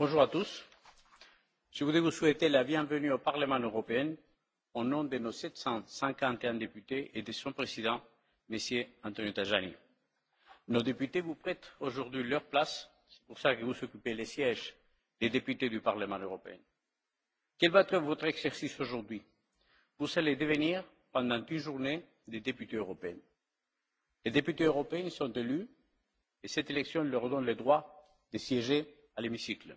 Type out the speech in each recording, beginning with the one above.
Bonjour à tous. Je voudrais vous souhaiter la bienvenue au Parlement européen au nom de nos 751 députés et de son président, M. Antonio Tajani. Nos députés vous prêtent aujourd'hui leur place, c'est pour ça que vous occupez les sièges des députés du Parlement européen. Quel va être votre exercice aujourd'hui Vous allez devenir, pendant une journée, des députés européens. Les députés européens sont élus et cette élection leur donne le droit de siéger à l'hémicycle.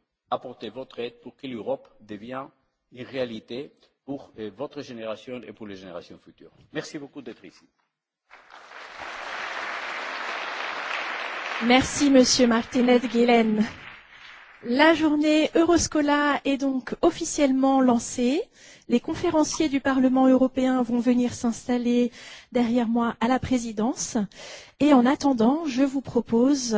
apporter votre aide pour que l'Europe devienne une réalité pour votre génération et pour les générations futures. Merci beaucoup d'être ici. Merci Monsieur Martinet Guilhem. La journée Euroscola est donc officiellement lancée. Les conférenciers du Parlement européen vont venir s'installer derrière moi à la présidence. Et en attendant, je vous propose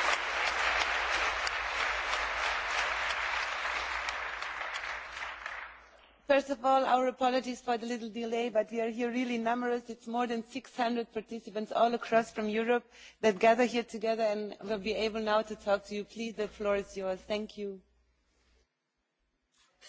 First of all, our apologies for the little delay, but we are here really numerous. It's more than 600 participants all across from Europe that gather here together and will be able now to talk to you. Please, the floor is yours. Thank you.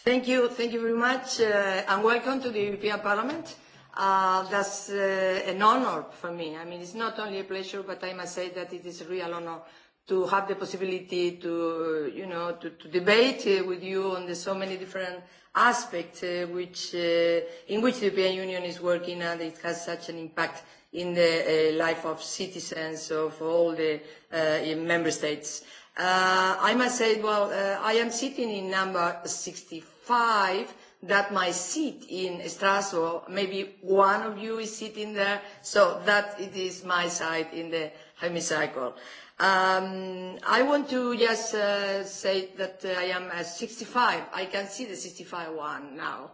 Thank you. Thank you very much, and welcome to the European Parliament. That's an honor for me. I mean, it's not only a pleasure, but I must say that it is a real honor to have the possibility to, you know, to, to debate with you on the so many different aspects which, in which the European Union is working and it has such an impact in the life of citizens of all the member states. I must say, well, I am sitting in number 65 that my seat in Strasbourg, maybe one of you is sitting there, so that it is my side in the hemicycle. I want to just say that I am at 65. I can see the 65 one now.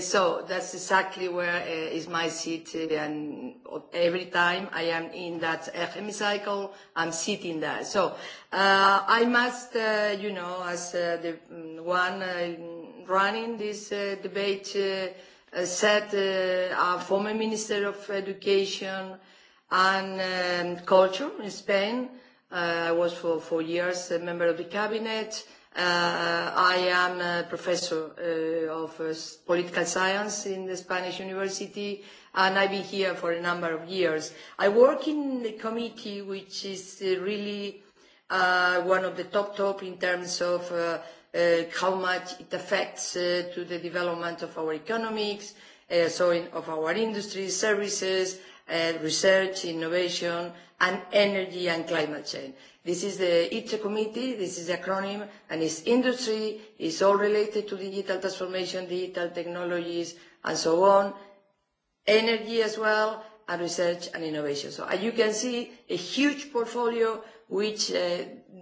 So that's exactly where is my seat. And every time I am in that hemicycle, I'm sitting there. So I must, you know, as the one running this debate said, our former Minister of Education, and culture in Spain. I was for four years a member of the cabinet. I am a professor of political science in the Spanish University, and I've been here for a number of years. I work in the committee, which is really one of the top top in terms of how much it affects to the development of our economics, so of our industry, services, research, innovation, and energy and climate change. This is the ITRE committee, this is the acronym, and it's industry, it's all related to digital transformation, digital technologies, and so on, energy as well, and research and innovation. So as you can see, a huge portfolio which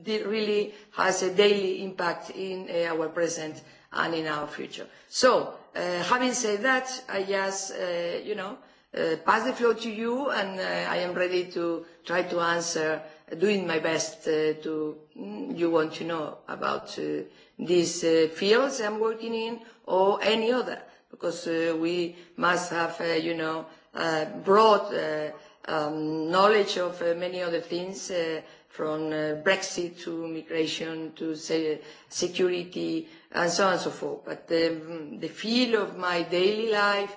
really has a daily impact in our present and in our future. So having said that, I just, you know, pass the floor to you, and I am ready to try to answer, doing my best to you want to know about these fields I'm working in or any other, because we must have, you know, broad knowledge of many other things, from Brexit to migration to security and so on and so forth. But the field of my daily life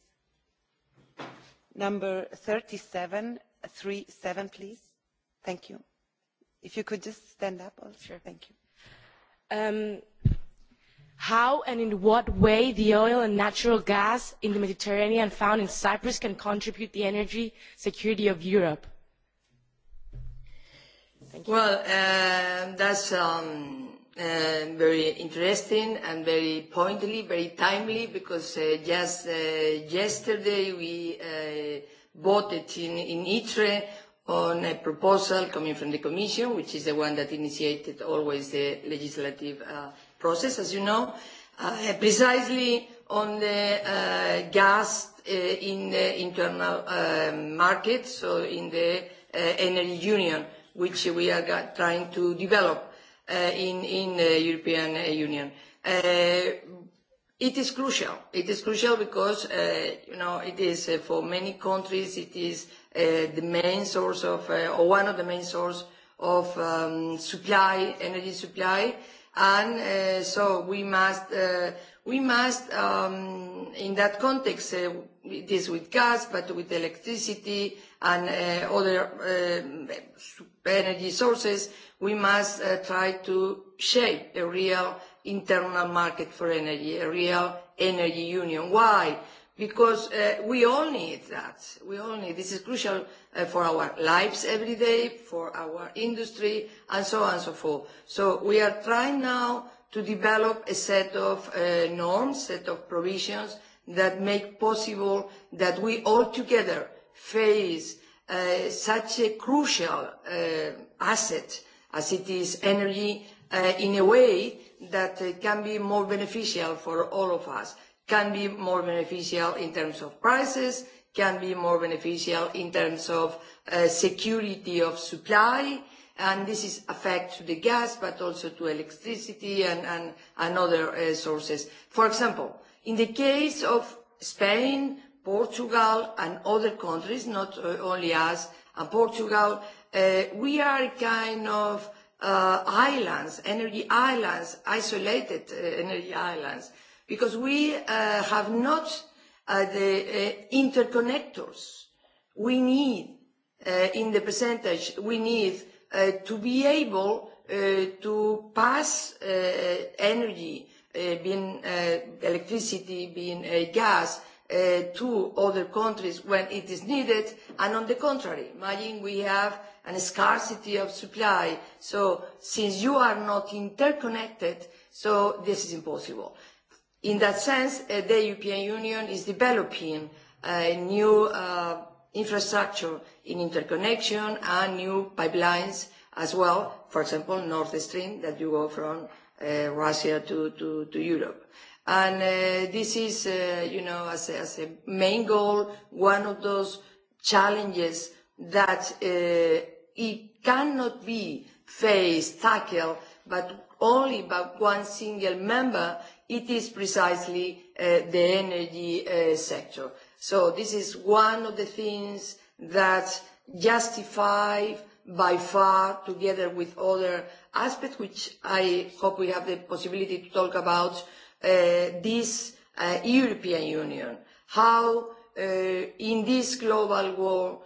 number 3737, please. Thank you. If you could just stand up. Sure. Thank you. How and in what way the oil and natural gas in the Mediterranean found in Cyprus can contribute the energy security of Europe? Well, that's very interesting and very pointedly, very timely, because just yesterday we voted in ITRE on a proposal coming from the Commission, which is the one that initiated always the legislative process, as you know, precisely on the gas in the internal market, so in the energy union, which we are trying to develop in in the European Union. It is crucial. It is crucial because, you know, it is for many countries, it is the main source of, or one of the main source of supply, energy supply, and so we must, we must, in that context, it is with gas, but with electricity and other energy sources, we must try to shape a real internal market for energy, a real energy union. Why? Because we all need that. We all need. This is crucial for our lives every day, for our industry, and so on and so forth. So we are trying now to develop a set of norms, set of provisions that make possible that we all together face such a crucial asset as it is energy in a way that can be more beneficial for all of us, can be more beneficial in terms of prices, can be more beneficial in terms of security of supply, and this is affect to the gas, but also to electricity and other sources. For example, in the case of Spain, Portugal and other countries, not only us and Portugal, we are kind of islands, energy islands, isolated energy islands, because we have not the interconnectors we need in the percentage we need to be able to pass energy, being electricity, being gas, to other countries when it is needed and on the contrary imagine we have a scarcity of supply so since you are not interconnected so this is impossible in that sense the european union is developing a new infrastructure in interconnection and new pipelines as well for example north stream that you go from russia to to europe And this is, you know, as a main goal, one of those challenges that it cannot be faced, tackled, but only by one single member. It is precisely the energy sector. So this is one of the things that justify by far, together with other aspects, which I hope we have the possibility to talk about this European Union, how in this global war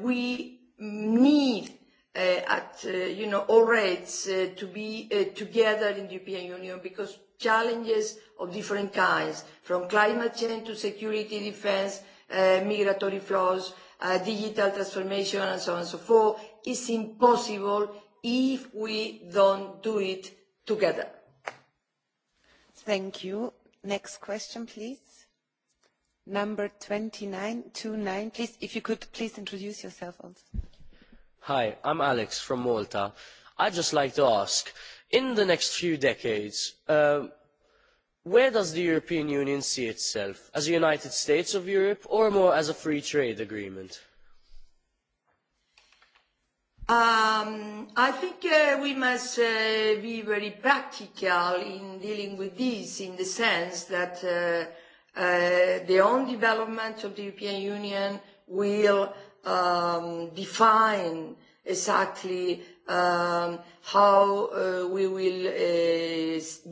we need at you know all rates to be together in the European Union because challenges of different kinds, from climate change to security, defence, migratory flows, digital transformation and so on and so forth, is impossible if we don't do it together. Thank you. Next question, please. Number 2929. Please, if you could please introduce yourself also. Hi, I'm Alex from Malta. I'd just like to ask, in the next few decades, where does the European Union see itself? As a United States of Europe or more as a free trade agreement? Um, I think we must be very practical in dealing with this in the sense that the own development of the European Union will um define exactly how we will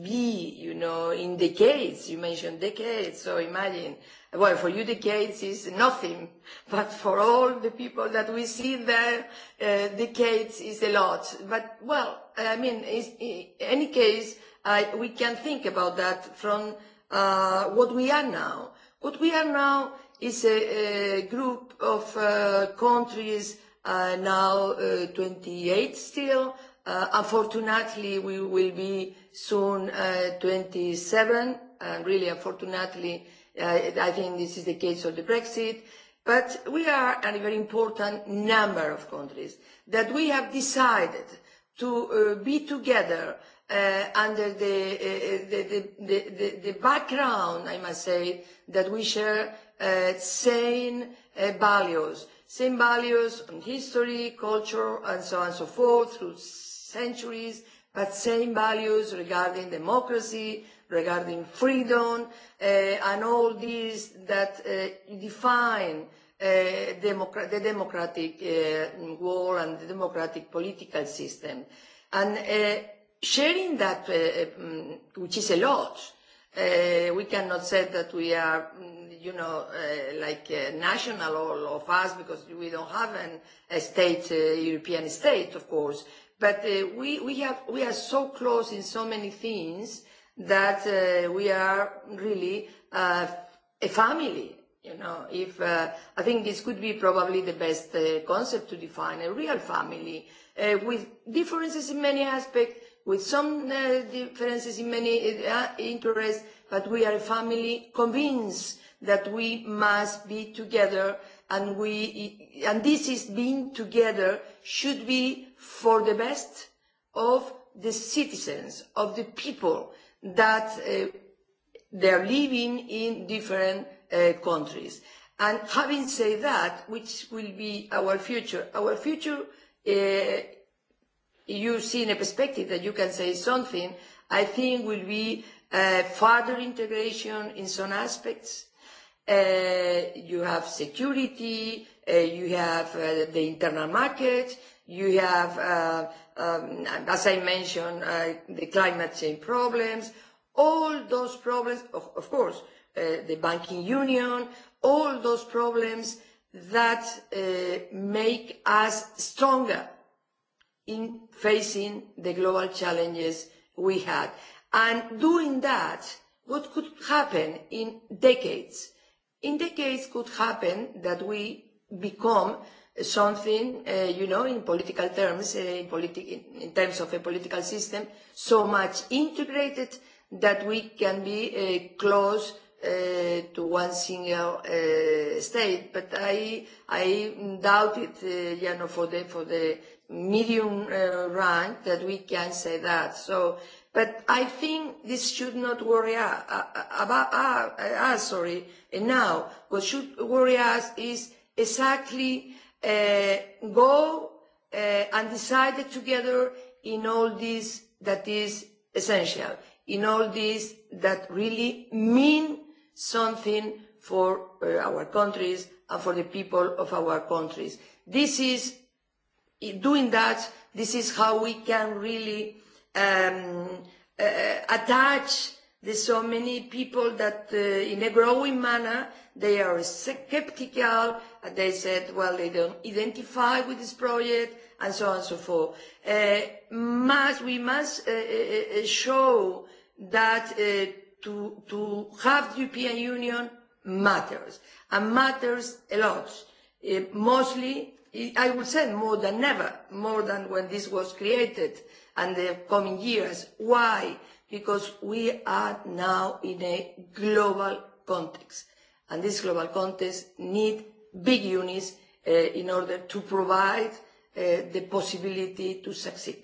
be, you know, in decades. You mentioned decades, so imagine well, for you decades is nothing, but for all the people that we see there, decades is a lot. But, well, I mean, in any case, we can think about that from what we are now. What we are now is a group of countries, now 28 still. Unfortunately, we will be soon 27, and really unfortunately, I think this is the case of the Brexit. But we are a very important number of countries that we have decided to be together under the background, I must say, that we share same values, same values on history, culture, and so on and so forth through centuries but same values regarding democracy, regarding freedom, and all these that define the democratic world and the democratic political system. And sharing that, which is a lot, we cannot say that we are, you know, like national all of us because we don't have a state, European state, of course. But we we have we are so close in so many things that we are really a family. You know, if I think this could be probably the best concept to define a real family with differences in many aspects, with some differences in many interests, but we are a family convinced that we must be together and we and this is being together should be for the best of the citizens, of the people that they are living in different countries. And having said that, which will be our future? Our future, you see in a perspective that you can say something, I think will be further integration in some aspects. You have security, you have the internal market, You have, as I mentioned, the climate change problems, all those problems, of course, the banking union, all those problems that make us stronger in facing the global challenges we had. And doing that, what could happen in decades? In decades could happen that we become something, you know, in political terms, in in terms of a political system, so much integrated that we can be close to one single state. But I I doubt it, you know, for the for the medium run that we can say that. So, but I think this should not worry about us. Sorry, And now what should worry us is exactly go and decide together in all this that is essential, in all this that really mean something for our countries and for the people of our countries. This is, doing that, this is how we can really attach There's so many people that, in a growing manner, they are skeptical. and They said, well, they don't identify with this project, and so on and so forth. Must we must show that to to have the European Union matters and matters a lot. Mostly, I would say more than never, more than when this was created and the coming years. Why? because we are now in a global context. And this global context need big units in order to provide the possibility to succeed.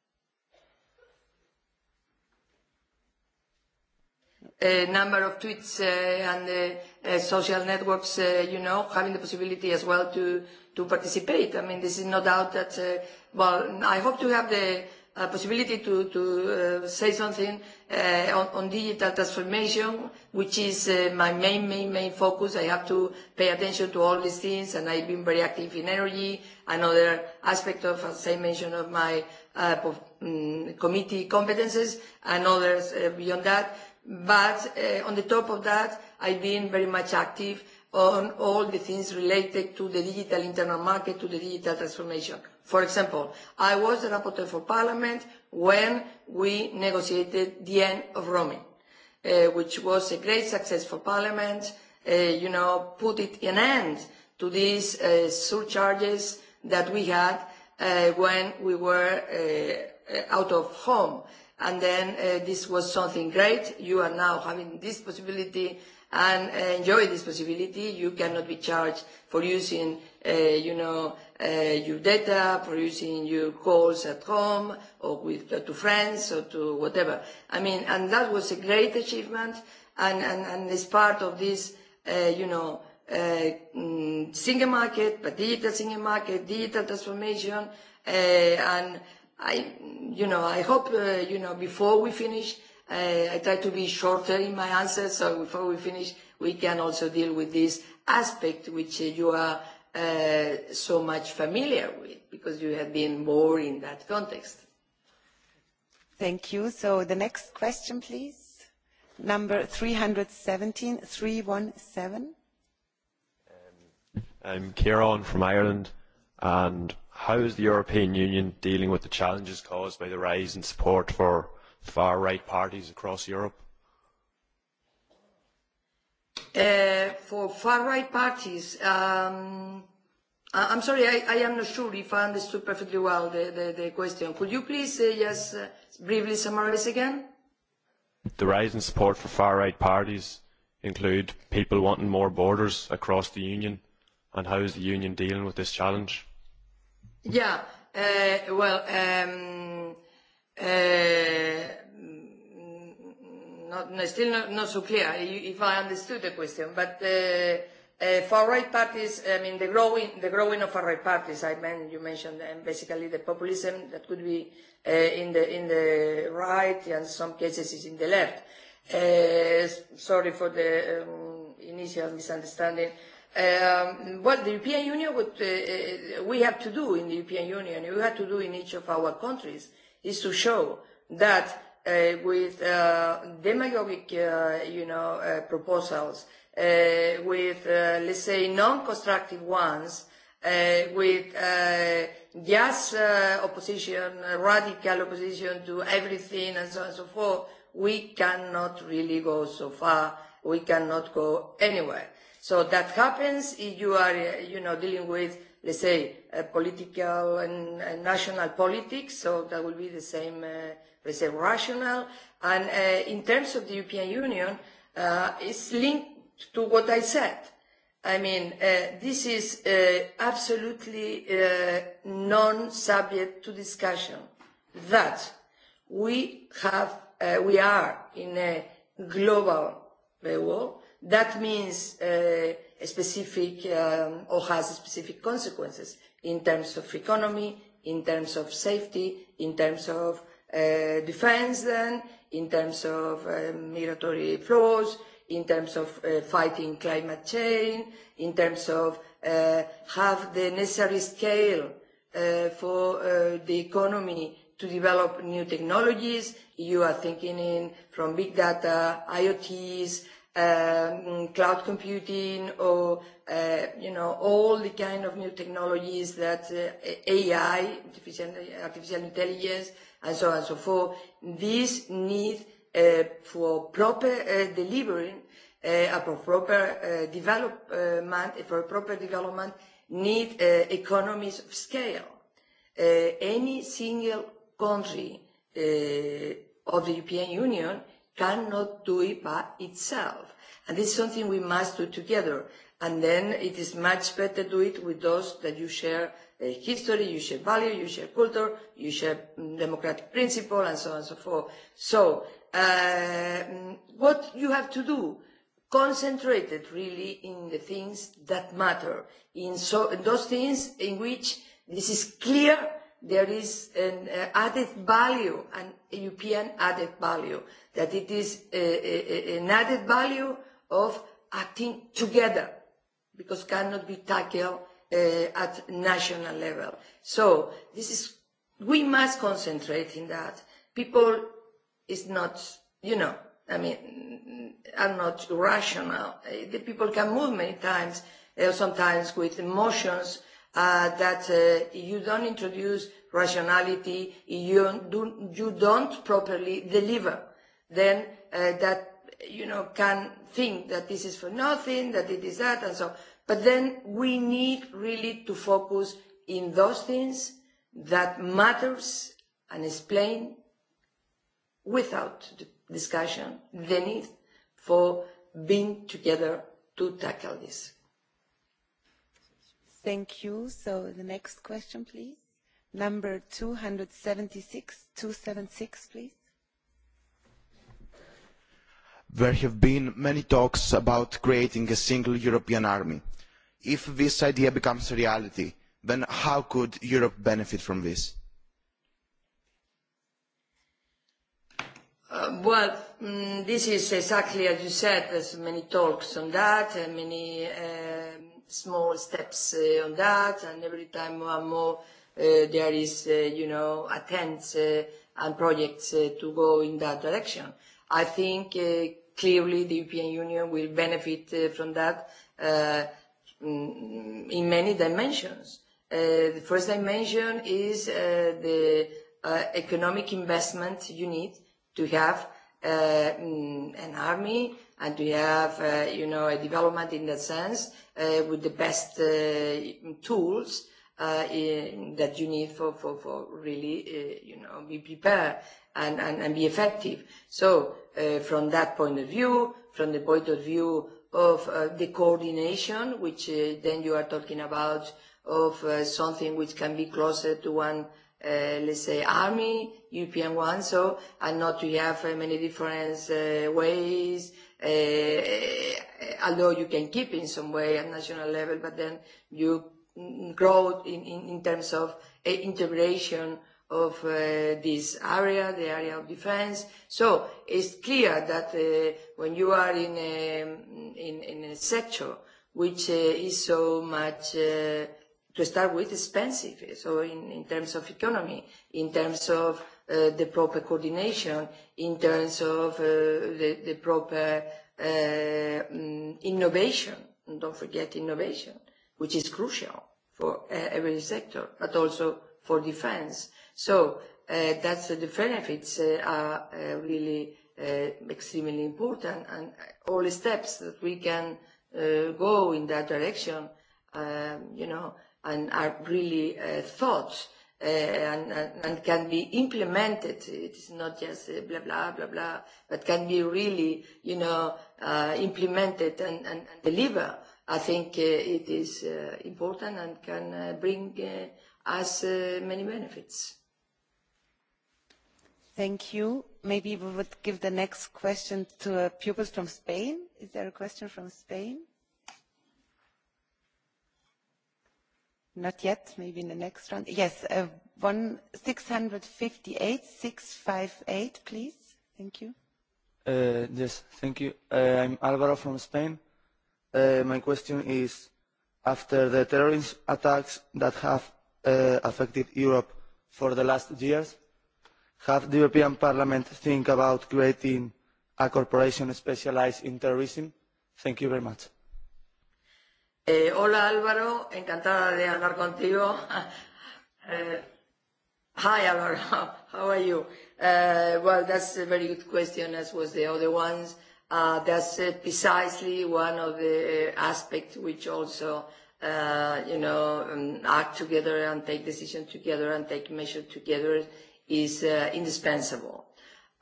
number of tweets and social networks, you know, having the possibility as well to to participate. I mean, this is no doubt that, well, I hope to have the possibility to to say something on digital transformation, which is my main, main, main focus. I have to pay attention to all these things, and I've been very active in energy, another aspect of, as I mentioned, of my committee competences, and others beyond that. But on the top of that, I've been very much active on all the things related to the digital internal market, to the digital transformation. For example, I was the rapporteur for Parliament when we negotiated the end of roaming, which was a great success for Parliament, you know, put it an end to these surcharges that we had when we were out of home and then this was something great. You are now having this possibility and enjoy this possibility. You cannot be charged for using, you know, your data, for using your calls at home or with to friends or to whatever. I mean, and that was a great achievement and and is part of this, you know, single market, but digital single market, digital transformation and I, you know, I hope, you know, before we finish, I try to be shorter in my answer, so before we finish, we can also deal with this aspect which you are so much familiar with, because you have been more in that context. Thank you. So the next question, please. Number 317, 317. I'm Kieran from Ireland, and How is the European Union dealing with the challenges caused by the rise in support for far-right parties across Europe? For far-right parties, I'm sorry, I I am not sure if I understood perfectly well the question. Could you please just briefly summarize again? The rise in support for far-right parties include people wanting more borders across the Union, and how is the Union dealing with this challenge? Yeah. Well, still not so clear if I understood the question, but far right parties, I mean the growing the growing of far right parties. I mean you mentioned basically the populism that could be in the in the right and some cases is in the left. Sorry for the initial misunderstanding. What the European Union, what we have to do in the European Union, we have to do in each of our countries, is to show that with demagogic, you know, proposals, with, let's say, non-constructive ones, with just opposition, radical opposition to everything and so on and so forth, we cannot really go so far. We cannot go anywhere. So that happens if you are, you know, dealing with, let's say, political and national politics. So that will be the same, let's say, rational. And in terms of the European Union, it's linked to what I said. I mean, this is absolutely non-subject to discussion. That we have, we are in a global world that means specific or has specific consequences in terms of economy, in terms of safety, in terms of defense, then, in terms of migratory flows, in terms of fighting climate change, in terms of have the necessary scale for the economy to develop new technologies. You are thinking in from big data, IoTs, cloud computing or you know all the kind of new technologies that AI, artificial intelligence and so on and so forth. These need for proper delivering, uh for proper development for proper development need economies of scale. Any single country of the European Union cannot do it by itself. And this is something we must do together. And then it is much better to do it with those that you share history, you share value, you share culture, you share democratic principle, and so on and so forth. So what you have to do, concentrated really in the things that matter, in those things in which this is clear there is an added value, an European added value, that it is an added value of acting together, because cannot be tackled at national level. So this is, we must concentrate in that. People is not, you know, I mean, are not rational. The people can move many times, sometimes with emotions that you don't introduce rationality, you you don't properly deliver, then that you know can think that this is for nothing, that it is that and so. But then we need really to focus in those things that matters and explain without discussion the need for being together to tackle this. Thank you. So the next question, please. Number 276, 276, please. There have been many talks about creating a single European army. If this idea becomes a reality, then how could Europe benefit from this? Well, this is exactly as you said. There's many talks on that, many small steps on that, and every time more and more there is, you know, attempts and projects to go in that direction. I think clearly the European Union will benefit from that in many dimensions. The first dimension is the economic investment you need to have an army and to have, you know, a development in that sense with the best tools that you need for for for really, you know, be prepared and and be effective. So from that point of view, from the point of view of the coordination, which then you are talking about of something which can be closer to one let's say, army, European one, so, and not to have many different ways although you can keep in some way at national level, but then you grow in, in, in terms of integration of this area, the area of defense. So it's clear that when you are in a, in, in a sector which is so much, to start with, expensive, so in, in terms of economy, in terms of the proper coordination in terms of the proper innovation. Don't forget innovation, which is crucial for every sector, but also for defense. So that's the benefits are really extremely important, and all the steps that we can go in that direction, you know, and are really thought and, and can be implemented. It is not just blah, blah, blah, blah, but can be really, you know, uh, implemented and, and, deliver. I think uh, it is uh, important and can uh, bring us uh, many benefits. Thank you. Maybe we would give the next question to uh, pupils from Spain. Is there a question from Spain? Not yet, maybe in the next round. Yes, 658, 658, please. Thank you. Yes, thank you. I'm Alvaro from Spain. My question is, after the terrorist attacks that have affected Europe for the last years, have the European Parliament think about creating a corporation specialized in terrorism? Thank you very much. Eh, hola Álvaro, encantada de hablar contigo. hi Álvaro, how are you? Uh, well, that's a very good question, as was the other ones. Uh, that's precisely one of the aspects which also, you know, act together and take decisions together and take measures together is uh, indispensable.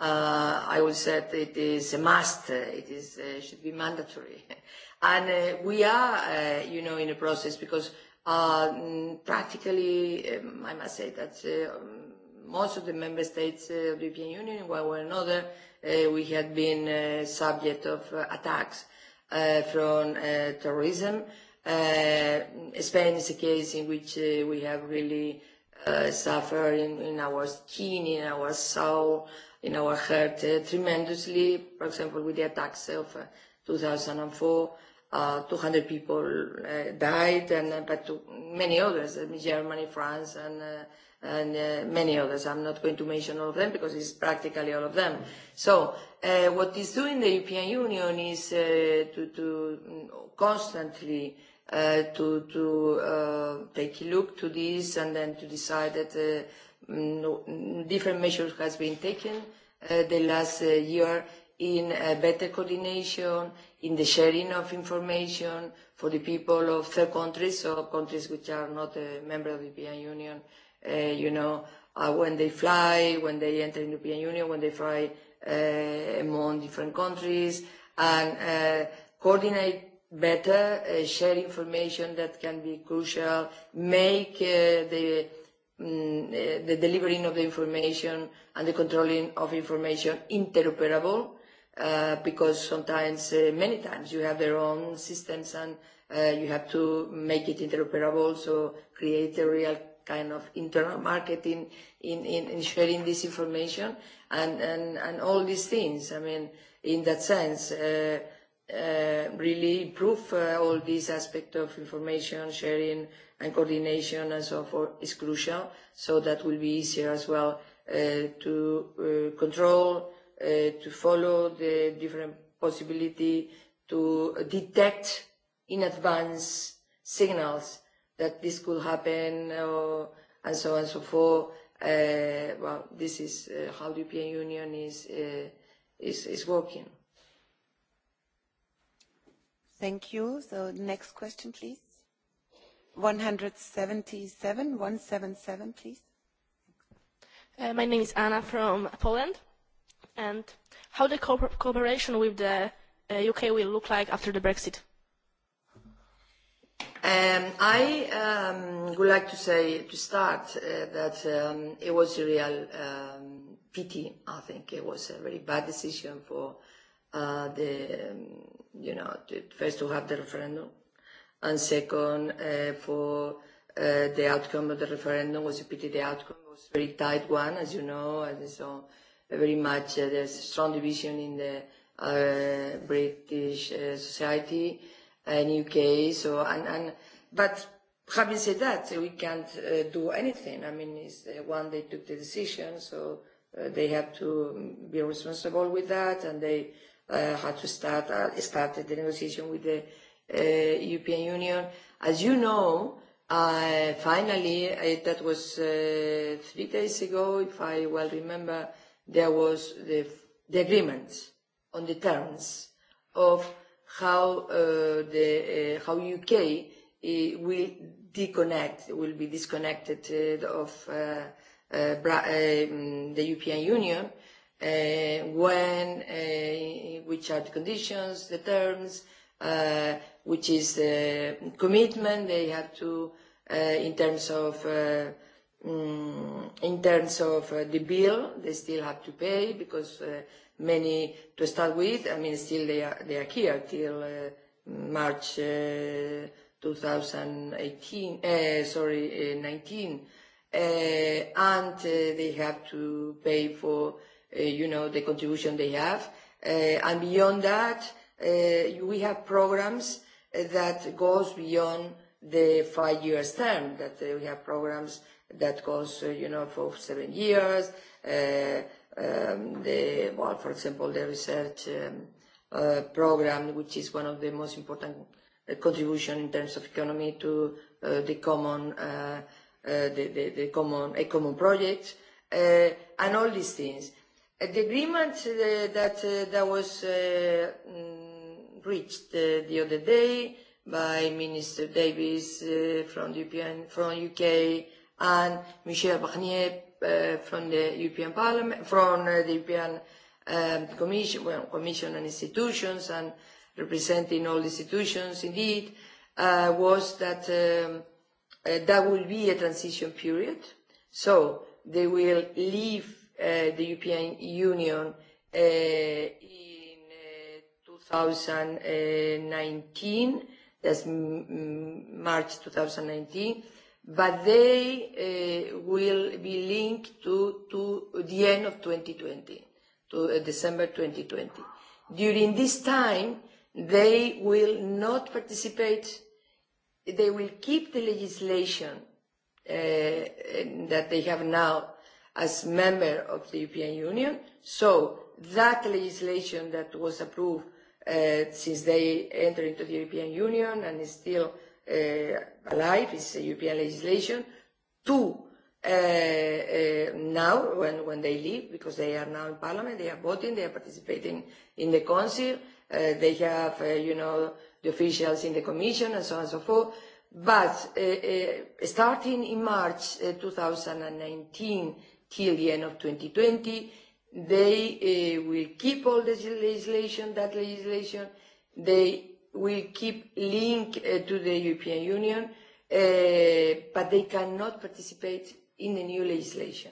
Uh, I would say it is a must. It is uh, should be mandatory. And we are, you know, in a process because practically, I must say that most of the member states of the European Union, one way or another, we had been subject of attacks from terrorism. Spain is a case in which we have really suffered in our skin, in our soul, in our heart tremendously, for example, with the attacks of 2004 200 people died, and but many others, Germany, France, and and many others. I'm not going to mention all of them because it's practically all of them. So what is doing the European Union is to to constantly to to take a look to this and then to decide that different measures has been taken the last year in better coordination, in the sharing of information for the people of third countries, so countries which are not a member of the European Union, you know, when they fly, when they enter the European Union, when they fly among different countries, and coordinate better, share information that can be crucial, make the the delivering of the information and the controlling of information interoperable because sometimes, many times, you have their own systems and you have to make it interoperable, so create a real kind of internal market in in in sharing this information and and and all these things. I mean, in that sense, really improve all these aspects of information sharing and coordination and so forth is crucial. So that will be easier as well to control to follow the different possibility to detect in advance signals that this could happen and so on and so forth. Well, this is how the European Union is is is working. Thank you. So next question, please. 177, 177, please. My name is Anna from Poland and how the cooperation with the UK will look like after the Brexit. I would like to say to start that it was a real pity. I think it was a very bad decision for the, you know, first to have the referendum, and second for the outcome of the referendum was a pity. The outcome was a very tight one, as you know, and so very much there's strong division in the British society and UK. So and and but having said that, we can't do anything. I mean, it's the one they took the decision, so they have to be responsible with that, and they had to start started the negotiation with the European Union. As you know, finally, that was three days ago, if I well remember there was the agreement on the terms of how the how UK will disconnect, will be disconnected of the European Union when which are the conditions the terms which is the commitment they have to in terms of in terms of the bill they still have to pay because many to start with i mean still they are here till march 2018 sorry 19 and they have to pay for you know the contribution they have and beyond that we have programs that goes beyond the five years term that we have programs that goes, you know, for seven years. well, for example, the research program, which is one of the most important contribution in terms of economy to the common, the the common, a common project, and all these things. The agreement that that was reached the other day by Minister Davies from the from UK and Michel Barnier from the European Parliament, from the European Commission, well, Commission and institutions, and representing all institutions, indeed, was that that will be a transition period. So they will leave the European Union in 2019, that's March 2019 but they will be linked to to the end of 2020, to December 2020. During this time, they will not participate. They will keep the legislation that they have now as member of the European Union. So that legislation that was approved since they entered into the European Union and is still alive, it's European legislation, to now, when when they leave, because they are now in Parliament, they are voting, they are participating in the Council, they have, you know, the officials in the Commission and so on and so forth. But starting in March 2019 till the end of 2020, they will keep all the legislation, that legislation. They we keep linked to the European Union, but they cannot participate in the new legislation.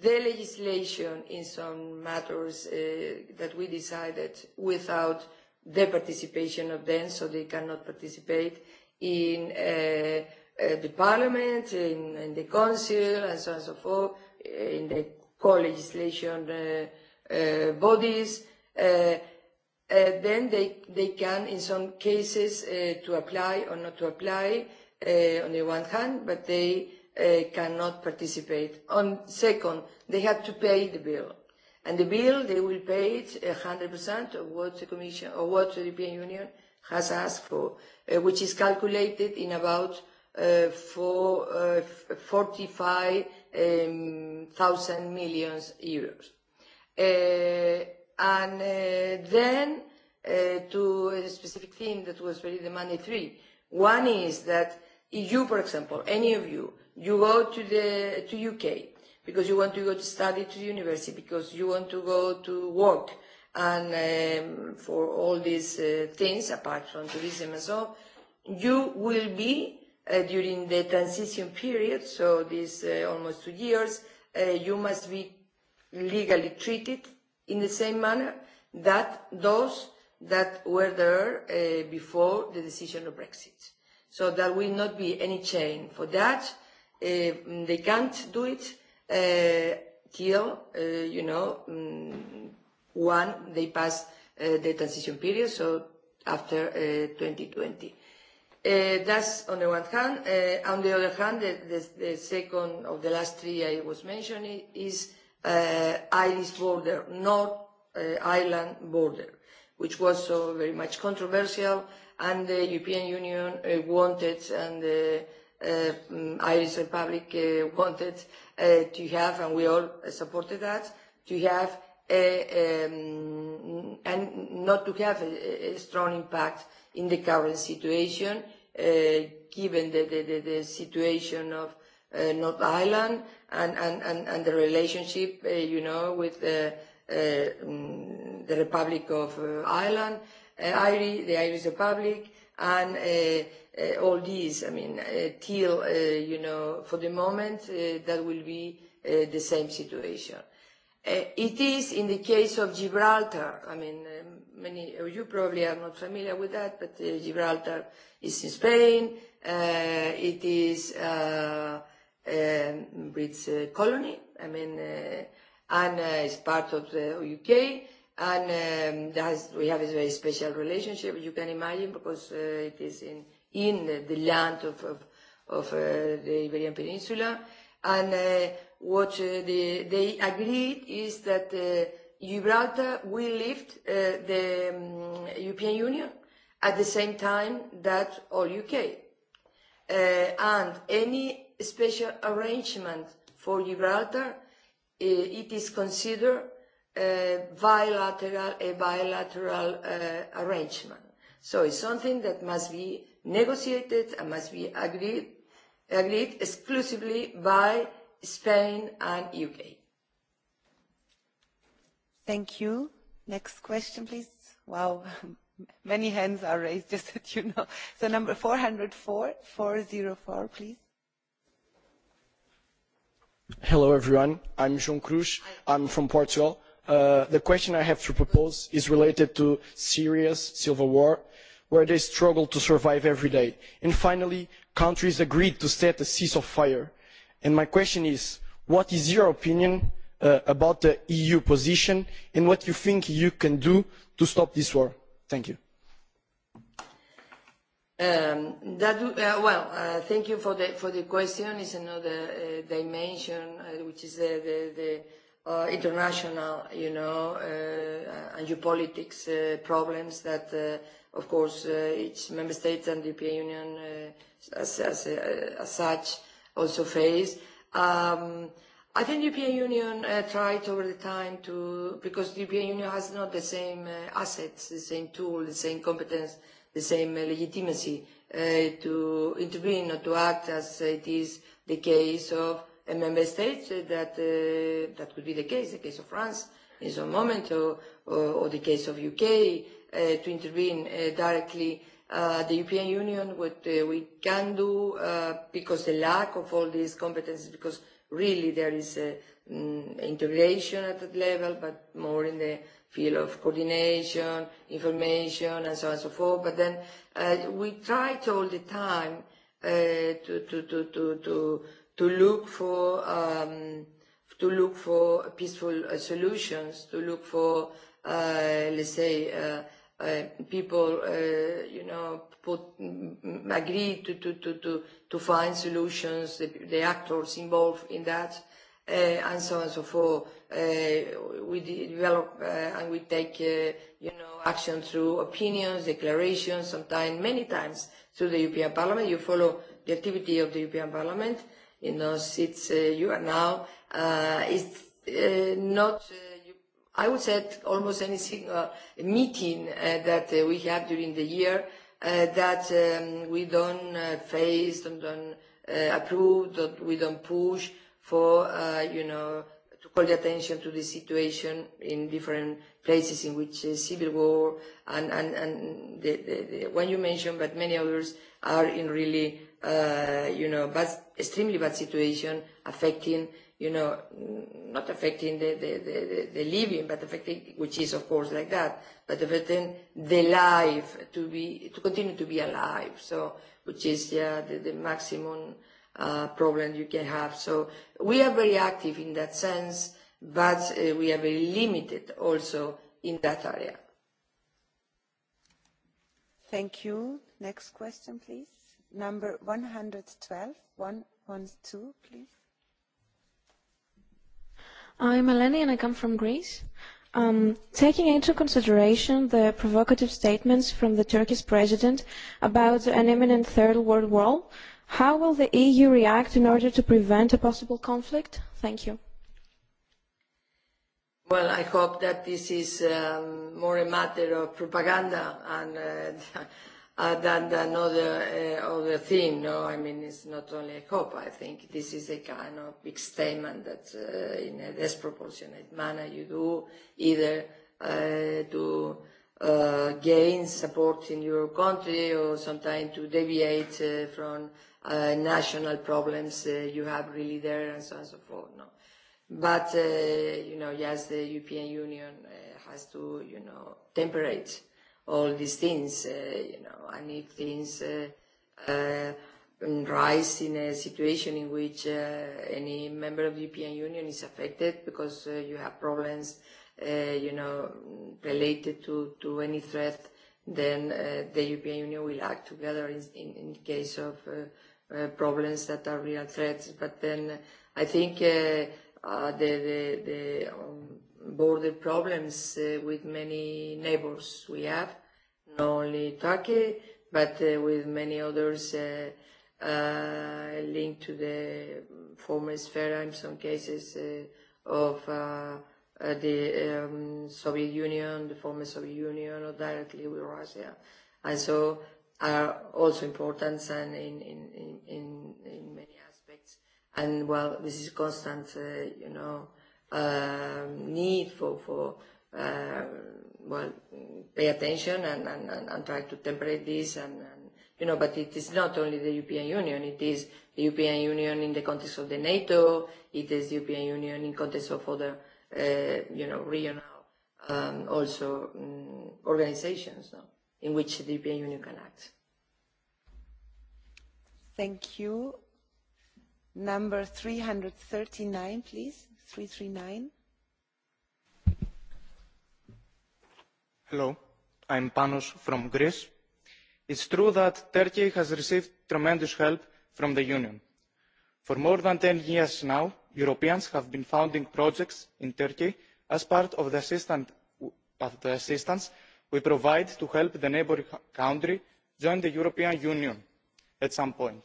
The legislation in some matters that we decided without the participation of them, so they cannot participate in the Parliament, in the Council, and so on and so forth, in the co-legislation bodies then they they can in some cases to apply or not to apply on the one hand, but they cannot participate. On second, they have to pay the bill. And the bill they will pay it 100% of what the Commission or what the European Union has asked for, which is calculated in about 45,000 million euros. And then to a specific theme that was very the three. One is that you, for example, any of you, you go to the to UK because you want to go to study to university, because you want to go to work, and for all these things, apart from tourism and so, you will be during the transition period, so this almost two years, you must be legally treated in the same manner that those that were there before the decision of Brexit. So there will not be any change for that. They can't do it till, you know, one, they pass the transition period, so after 2020. That's on the one hand. On the other hand, the second of the last three I was mentioning is Irish border, North Ireland border which was so very much controversial, and the European Union wanted and the Irish Republic wanted to have, and we all supported that, to have and not to have a strong impact in the current situation, given the situation of North Ireland and the relationship, you know, with the the Republic of Ireland, the Irish Republic, and all these. I mean, till, you know, for the moment, that will be the same situation. It is in the case of Gibraltar. I mean, many of you probably are not familiar with that, but Gibraltar is in Spain. It is a British colony. I mean, and is part of the UK. And we have a very special relationship, you can imagine, because it is in in the land of of the Iberian Peninsula. And what they agreed is that Gibraltar will lift the European Union at the same time that all UK. And any special arrangement for Gibraltar it is considered a bilateral a bilateral arrangement. So it's something that must be negotiated and must be agreed agreed exclusively by Spain and UK. Thank you. Next question, please. Wow, many hands are raised, just that you know. So number 404, 404, please. Hello everyone, I'm João Cruz, I'm from Portugal. The question I have to propose is related to Syria's civil war, where they struggle to survive every day. And finally, countries agreed to set a cease ceasefire. And my question is, what is your opinion about the EU position and what you think you can do to stop this war? Thank you. That, well, thank you for the for the question. It's another dimension, which is the the international, you know, and geopolitics problems that, of course, each member state and the European Union as as as such also face. I think the European Union tried over the time to, because the European Union has not the same assets, the same tools, the same competence the same legitimacy to intervene or to act as it is the case of a member state that that could be the case, the case of France in some moment or or the case of UK to intervene directly. The European Union, what we can do because the lack of all these competences, because really there is integration at that level, but more in the field of coordination, information, and so on and so forth. But then we tried all the time to to to to to to look for um to look for peaceful solutions, to look for let's say people you know put agree to to to to to find solutions, the actors involved in that, and so on and so forth we develop and we take, you know, action through opinions, declarations, sometimes many times through the European Parliament. You follow the activity of the European Parliament in those seats you are now. It's not, I would say, almost any single meeting that we have during the year that we don't face, don't approve, that we don't push for, you know, call the attention to the situation in different places in which civil war and, and, and the, one you mentioned, but many others are in really, you know, bad, extremely bad situation affecting, you know, not affecting the, the, the, the living, but affecting, which is of course like that, but affecting the life to be, to continue to be alive. So, which is, yeah, the, the maximum problem you can have. So we are very active in that sense, but we are very limited also in that area. Thank you. Next question, please. Number 112, 112, please. I'm Eleni and I come from Greece. Taking into consideration the provocative statements from the Turkish president about an imminent Third World War, How will the EU react in order to prevent a possible conflict? Thank you. Well, I hope that this is more a matter of propaganda and than another other thing. No, I mean it's not only a hope. I think this is a kind of big statement that, in a disproportionate manner, you do either to gain support in your country or sometimes to deviate from national problems you have really there and so on and so forth. No, but you know, yes, the European Union has to you know temperate all these things. You know, and if things rise in a situation in which any member of the European Union is affected because you have problems, you know, related to to any threat, then the European Union will act together in in case of problems that are real threats. But then I think the the border problems with many neighbors we have, not only Turkey, but with many others linked to the former sphere in some cases of the Soviet Union, the former Soviet Union, or directly with Russia. And so are also important and in, in, in, in many aspects. And well, this is constant, you know, need for, for well, pay attention and, and, and, try to temperate this. And, you know, but it is not only the European Union, it is the European Union in the context of the NATO, it is the European Union in context of other, you know, regional, also organizations in which the European Union can act. Thank you. Number 339, please. 339. Hello, I'm Panos from Greece. It's true that Turkey has received tremendous help from the Union. For more than 10 years now, Europeans have been founding projects in Turkey as part of the assistance we provide to help the neighbouring country join the European Union at some point.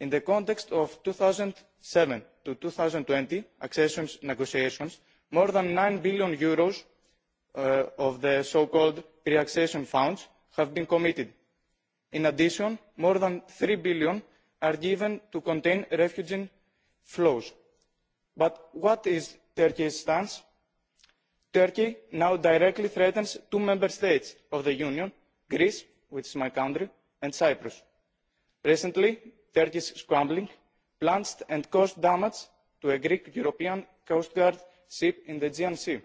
In the context of 2007 to twenty accession negotiations, more than 9 billion euros of the so-called pre-accession funds have been committed. In addition, more than 3 billion are given to contain refugee flows. But what is Turkey's stance Turkey now directly threatens two member states of the Union, Greece, which is my country, and Cyprus. Recently, Turkey's scrambling plunged and caused damage to a Greek European Coast Guard ship in the Aegean Sea.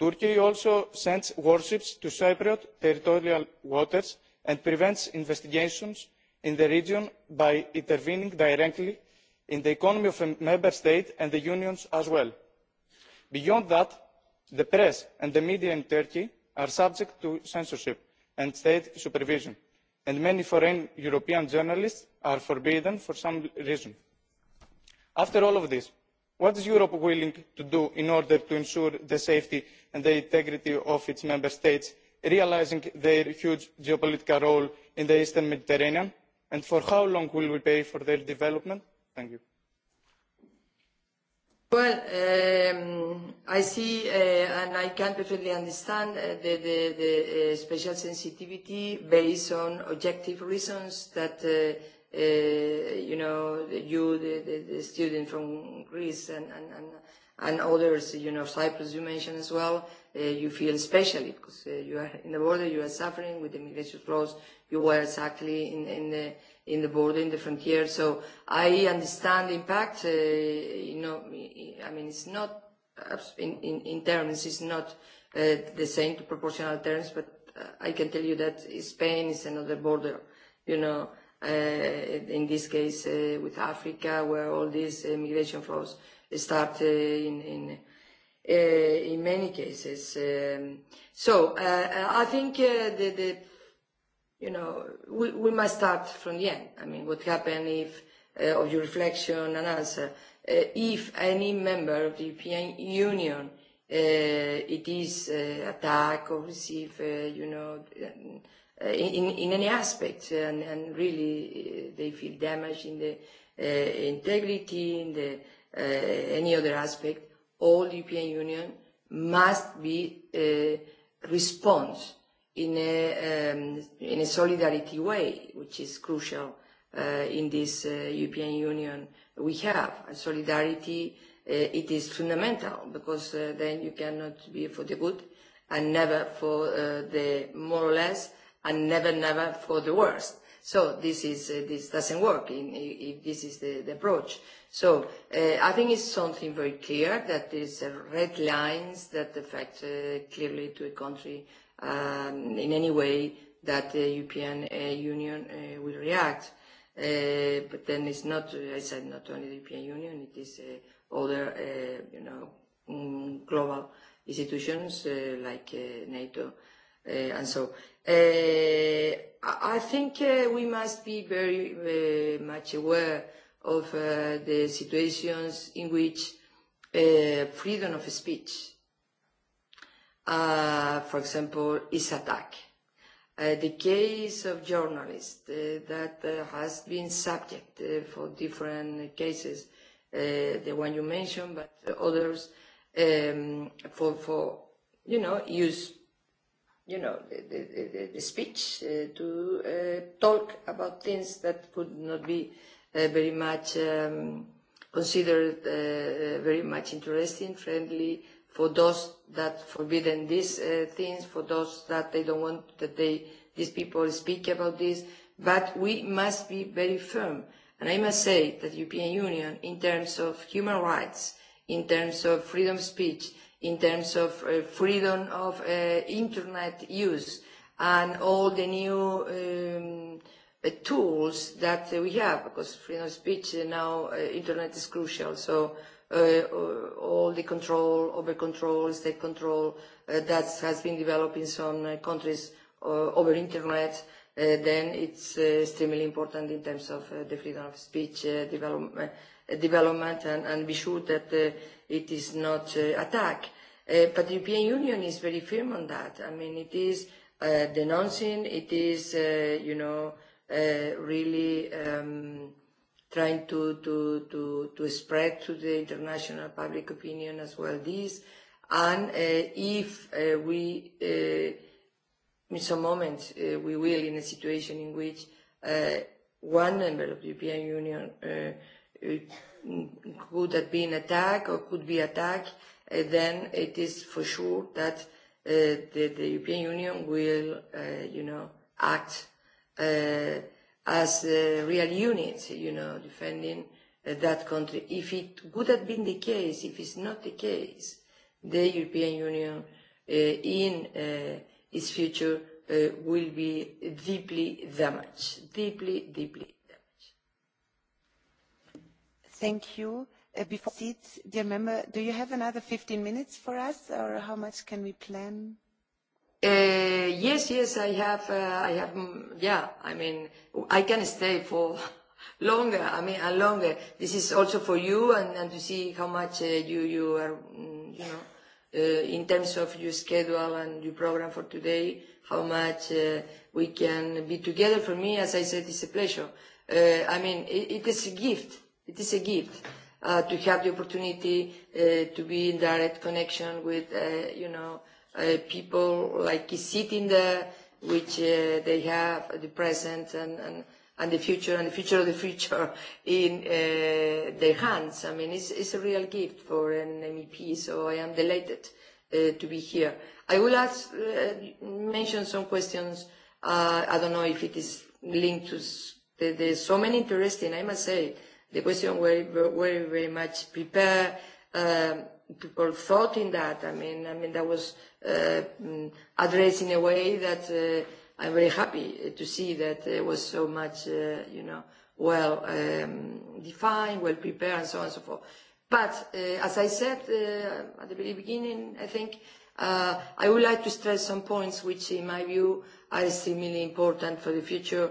Turkey also sends warships to Cypriot territorial waters and prevents investigations in the region by intervening directly in the economy of a member state and the unions as well beyond that the press and the media in turkey are subject to censorship and state supervision and many foreign european journalists are forbidden for some reason. after all of this what is europe willing to do in order to ensure the safety and the integrity of its member states realising their huge geopolitical role in the eastern mediterranean and for how long will we pay for their development? thank you. Well, I see and I can perfectly understand the special sensitivity based on objective reasons that, you know, you, the student from Greece and and others, you know, Cyprus you mentioned as well, you feel especially because you are in the border, you are suffering with the migration flows, you were exactly in the in the border, in the frontier. So I understand the impact. You know, I mean, it's not in in terms, it's not the same to proportional terms, but I can tell you that Spain is another border. You know, in this case with Africa, where all these migration flows start in in in many cases. So I think the you know, we, we must start from the end. I mean, what happened if, uh, of your reflection and answer, if any member of the European Union uh, it is uh, attacked or receive, uh, you know, in, in any aspect, and, and really they feel damaged in the uh, integrity, in the uh, any other aspect, all the European Union must be uh, response in a solidarity way, which is crucial in this European Union we have. And solidarity, it is fundamental, because then you cannot be for the good and never for the more or less and never, never for the worst. So this is this doesn't work if this is the approach. So I think it's something very clear that there is red lines that affect clearly to a country in any way that the European Union will react. But then it's not, I said, not only the European Union, it is other, you know, global institutions like NATO and so. I think we must be very much aware of the situations in which freedom of speech for example, is attack. The case of journalists that has been subject for different cases, the one you mentioned, but others, for, for you know, use, you know, the the speech to talk about things that could not be very much considered very much interesting, friendly for those that forbidden these things, for those that they don't want that they these people speak about this. But we must be very firm. And I must say that the European Union, in terms of human rights, in terms of freedom of speech, in terms of freedom of internet use, and all the new tools that we have, because freedom of speech now, internet is crucial. So all the control, over control, state control that has been developed in some countries over internet, then it's extremely important in terms of the freedom of speech development and be sure that it is not attacked. But the European Union is very firm on that. I mean, it is denouncing, it is, you know, really trying to, to, to, to spread to the international public opinion as well this. And if we, in some moments, we will in a situation in which one member of the European Union could have been attacked or could be attacked, then it is for sure that the European Union will, you know, act as real units, you know, defending that country. If it would have been the case, if it's not the case, the European Union in its future will be deeply damaged, deeply, deeply damaged. Thank you. Before seats, dear member, do you have another 15 minutes for us, or how much can we plan? Yes, yes, I have, I have, yeah, I mean, I can stay for longer, I mean, and longer. This is also for you and, and to see how much you, you are, you know, in terms of your schedule and your program for today, how much we can be together. For me, as I said, it's a pleasure. I mean, it, is a gift. It is a gift to have the opportunity to be in direct connection with, you know, people like sitting there, which they have the present and, and, and the future and the future of the future in their hands. I mean, it's, it's a real gift for an MEP, so I am delighted to be here. I will ask, mention some questions. I don't know if it is linked to there's so many interesting, I must say. The question were very, very much prepared people thought in that. I mean, I mean that was addressed in a way that I'm very happy to see that it was so much, you know, well defined, well prepared, and so on and so forth. But as I said at the very beginning, I think I would like to stress some points which, in my view, are extremely important for the future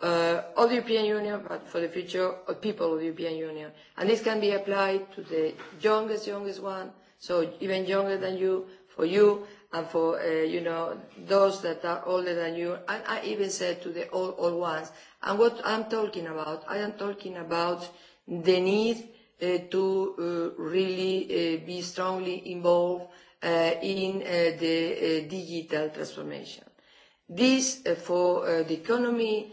of the European Union, but for the future of people of the European Union. And this can be applied to the youngest, youngest one, so even younger than you, for you, and for, you know, those that are older than you. And I even said to the old, old ones. And what I'm talking about, I am talking about the need to really be strongly involved in the digital transformation. This for the economy,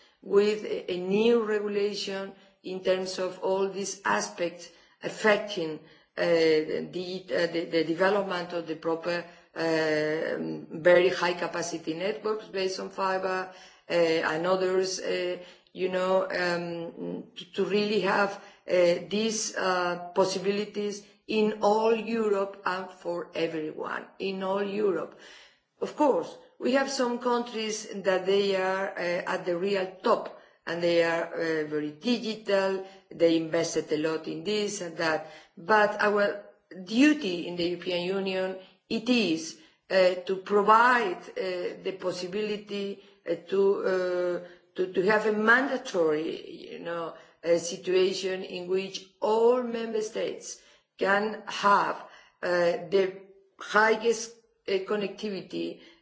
with a new regulation in terms of all these aspects affecting the development of the proper very high capacity networks based on fiber and others, you know, to really have these possibilities in all Europe and for everyone in all Europe. Of course, We have some countries that they are at the real top and they are very digital, they invested a lot in this and that. But our duty in the European Union, it is to provide the possibility to to have a mandatory you know, situation in which all member states can have the highest connectivity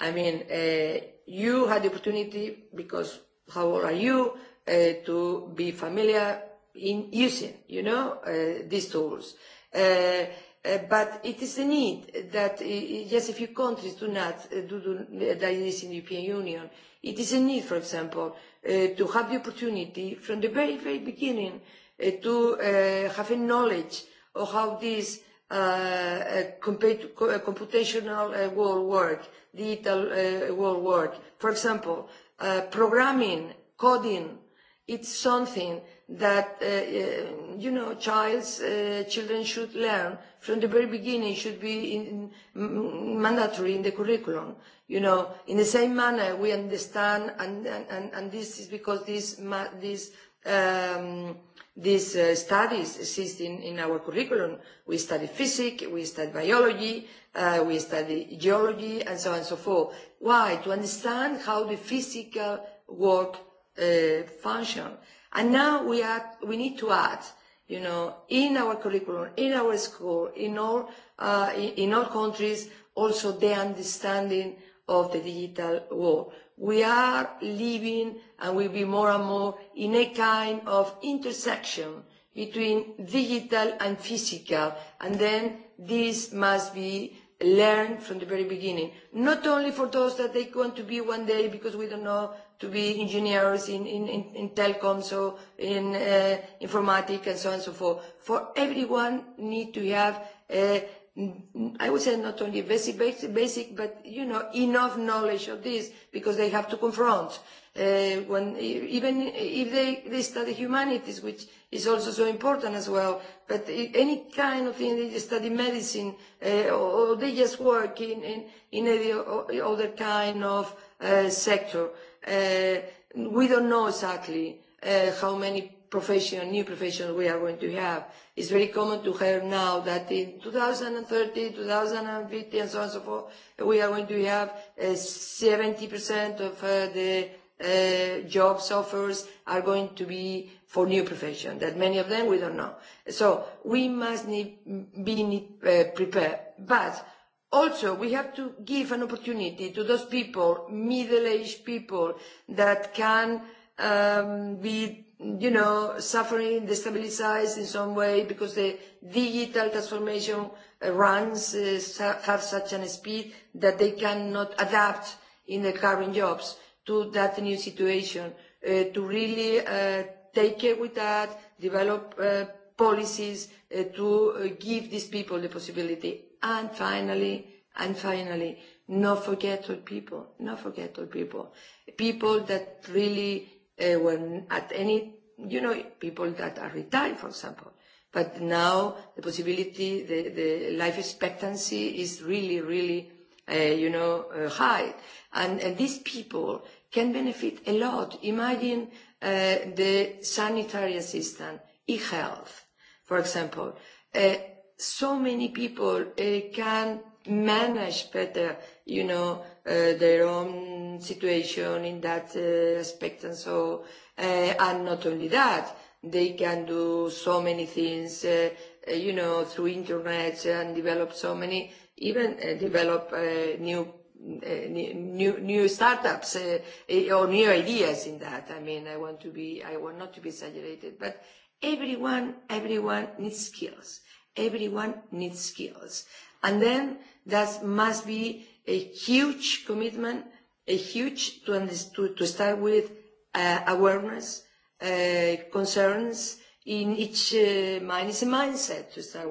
I mean, you had the opportunity, because how old are you, to be familiar in using, you know, these tools. But it is a need that just a few countries do not do that this in the European Union. It is a need, for example, to have the opportunity from the very, very beginning to have a knowledge of how these computational world work, digital world work. For example, programming, coding, it's something that, you know, children should learn from the very beginning, should be mandatory in the curriculum. You know, in the same manner we understand, and this is because this these studies exist in our curriculum. We study physics, we study biology, we study geology, and so on and so forth. Why? To understand how the physical work functions. And now we we need to add, you know, in our curriculum, in our school, in all, in all countries, also the understanding of the digital world. We are living and will be more and more in a kind of intersection between digital and physical, and then this must be learned from the very beginning, not only for those that they want to be one day because we don't know to be engineers in, in, in, in telecoms or in uh, informatics and so on and so forth. For everyone need to have a I would say not only basic, basic, but you know enough knowledge of this because they have to confront. When even if they they study humanities, which is also so important as well, but any kind of thing they study medicine or they just work in in in any other kind of sector, we don't know exactly how many profession, new profession we are going to have. It's very common to hear now that in 2030, 2050, and so on and so forth, we are going to have 70% of the job offers are going to be for new profession, that many of them we don't know. So we must need, be prepared. But also we have to give an opportunity to those people, middle-aged people, that can be you know, suffering, destabilized in some way because the digital transformation runs have such a speed that they cannot adapt in the current jobs to that new situation. To really take care with that, develop policies to give these people the possibility. And finally, and finally, not forget all people, not forget all people, people that really when at any, you know, people that are retired, for example. But now the possibility, the, the life expectancy is really, really, you know, high. And, and these people can benefit a lot. Imagine the sanitary assistant, e-health, for example. So many people can manage better, you know, their own situation in that aspect and so and not only that they can do so many things you know through internet and develop so many even develop new new new startups or new ideas in that i mean i want to be i want not to be exaggerated but everyone everyone needs skills everyone needs skills and then that must be a huge commitment, a huge to start with awareness, concerns in each mind a mindset to start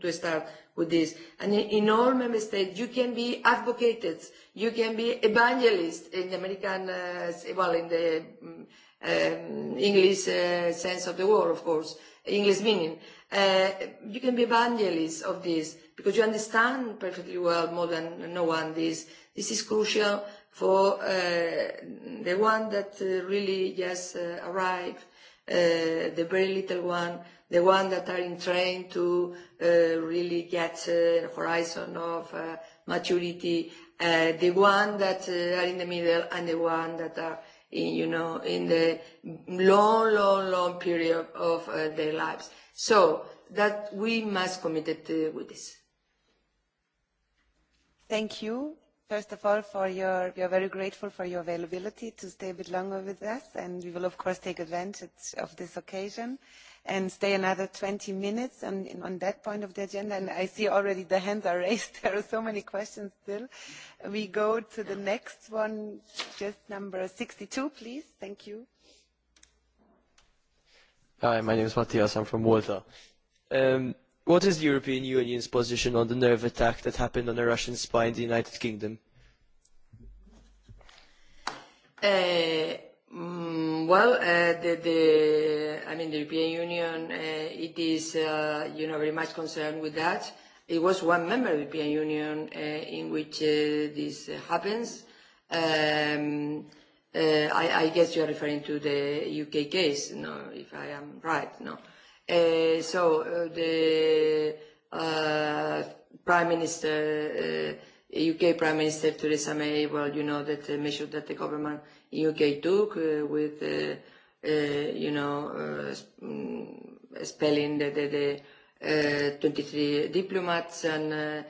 to start with this. And in all member states, you can be advocates, you can be evangelists in the American, well, in the English sense of the word, of course, English meaning You can be evangelists of this because you understand perfectly well more than no one this. This is crucial for the one that really just arrived, the very little one, the one that are in train to really get a horizon of maturity, the one that are in the middle and the one that are in, you know, in the long, long, long period of their lives. So that we must commit with this. Thank you, first of all, for your, we are very grateful for your availability to stay a bit longer with us, and we will of course take advantage of this occasion and stay another 20 minutes on, on that point of the agenda. And I see already the hands are raised. There are so many questions still. We go to the next one, just number 62, please. Thank you. Hi, my name is Matthias. I'm from Malta. What is the European Union's position on the nerve attack that happened on a Russian spy in the United Kingdom? Well, the I mean the European Union, it is you know very much concerned with that. It was one member of the European Union in which this happens. I guess you are referring to the UK case, no, if I am right, no. So the Prime Minister, UK Prime Minister Theresa May, well, you know that the measure that the government in UK took with, you know, spelling the 23 diplomats and,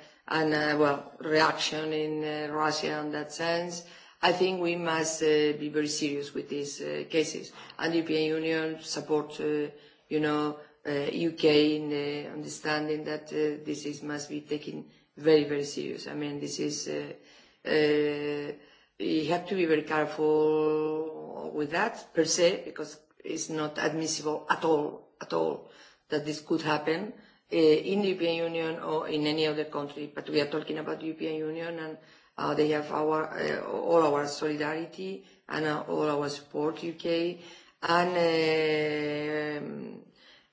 well, reaction in Russia in that sense I think we must be very serious with these cases. And the European Union supports, you know, UK in understanding that this is must be taken very, very serious. I mean, this is, you have to be very careful with that per se, because it's not admissible at all, at all, that this could happen in the European Union or in any other country. But we are talking about the European Union and They have our all our solidarity and all our support, UK. And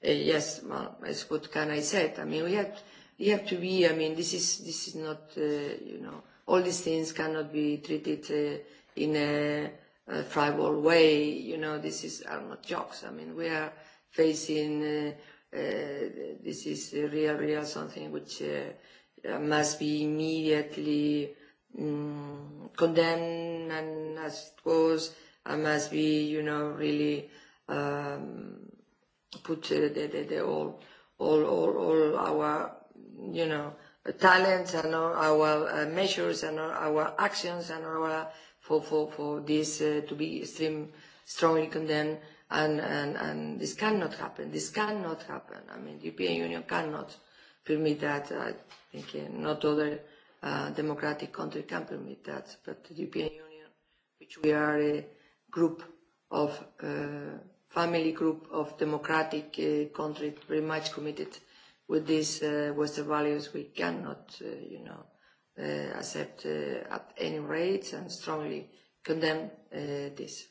yes, what can I say? I mean, we have we have to be. I mean, this is this is not you know all these things cannot be treated in a tribal way. You know, this is are not jokes. I mean, we are facing this is real, real something which must be immediately condemn and as it was must be, you know, really put the, the, the all, all, all, all our, you know, talents and all our measures and our actions and our for, for, for this to be extreme, strongly condemned and, and, and this cannot happen. This cannot happen. I mean, the European Union cannot permit that. I think not other democratic country can permit that, but the European Union, which we are a group of family group of democratic countries very much committed with these Western values, we cannot, you know, accept at any rate and strongly condemn this.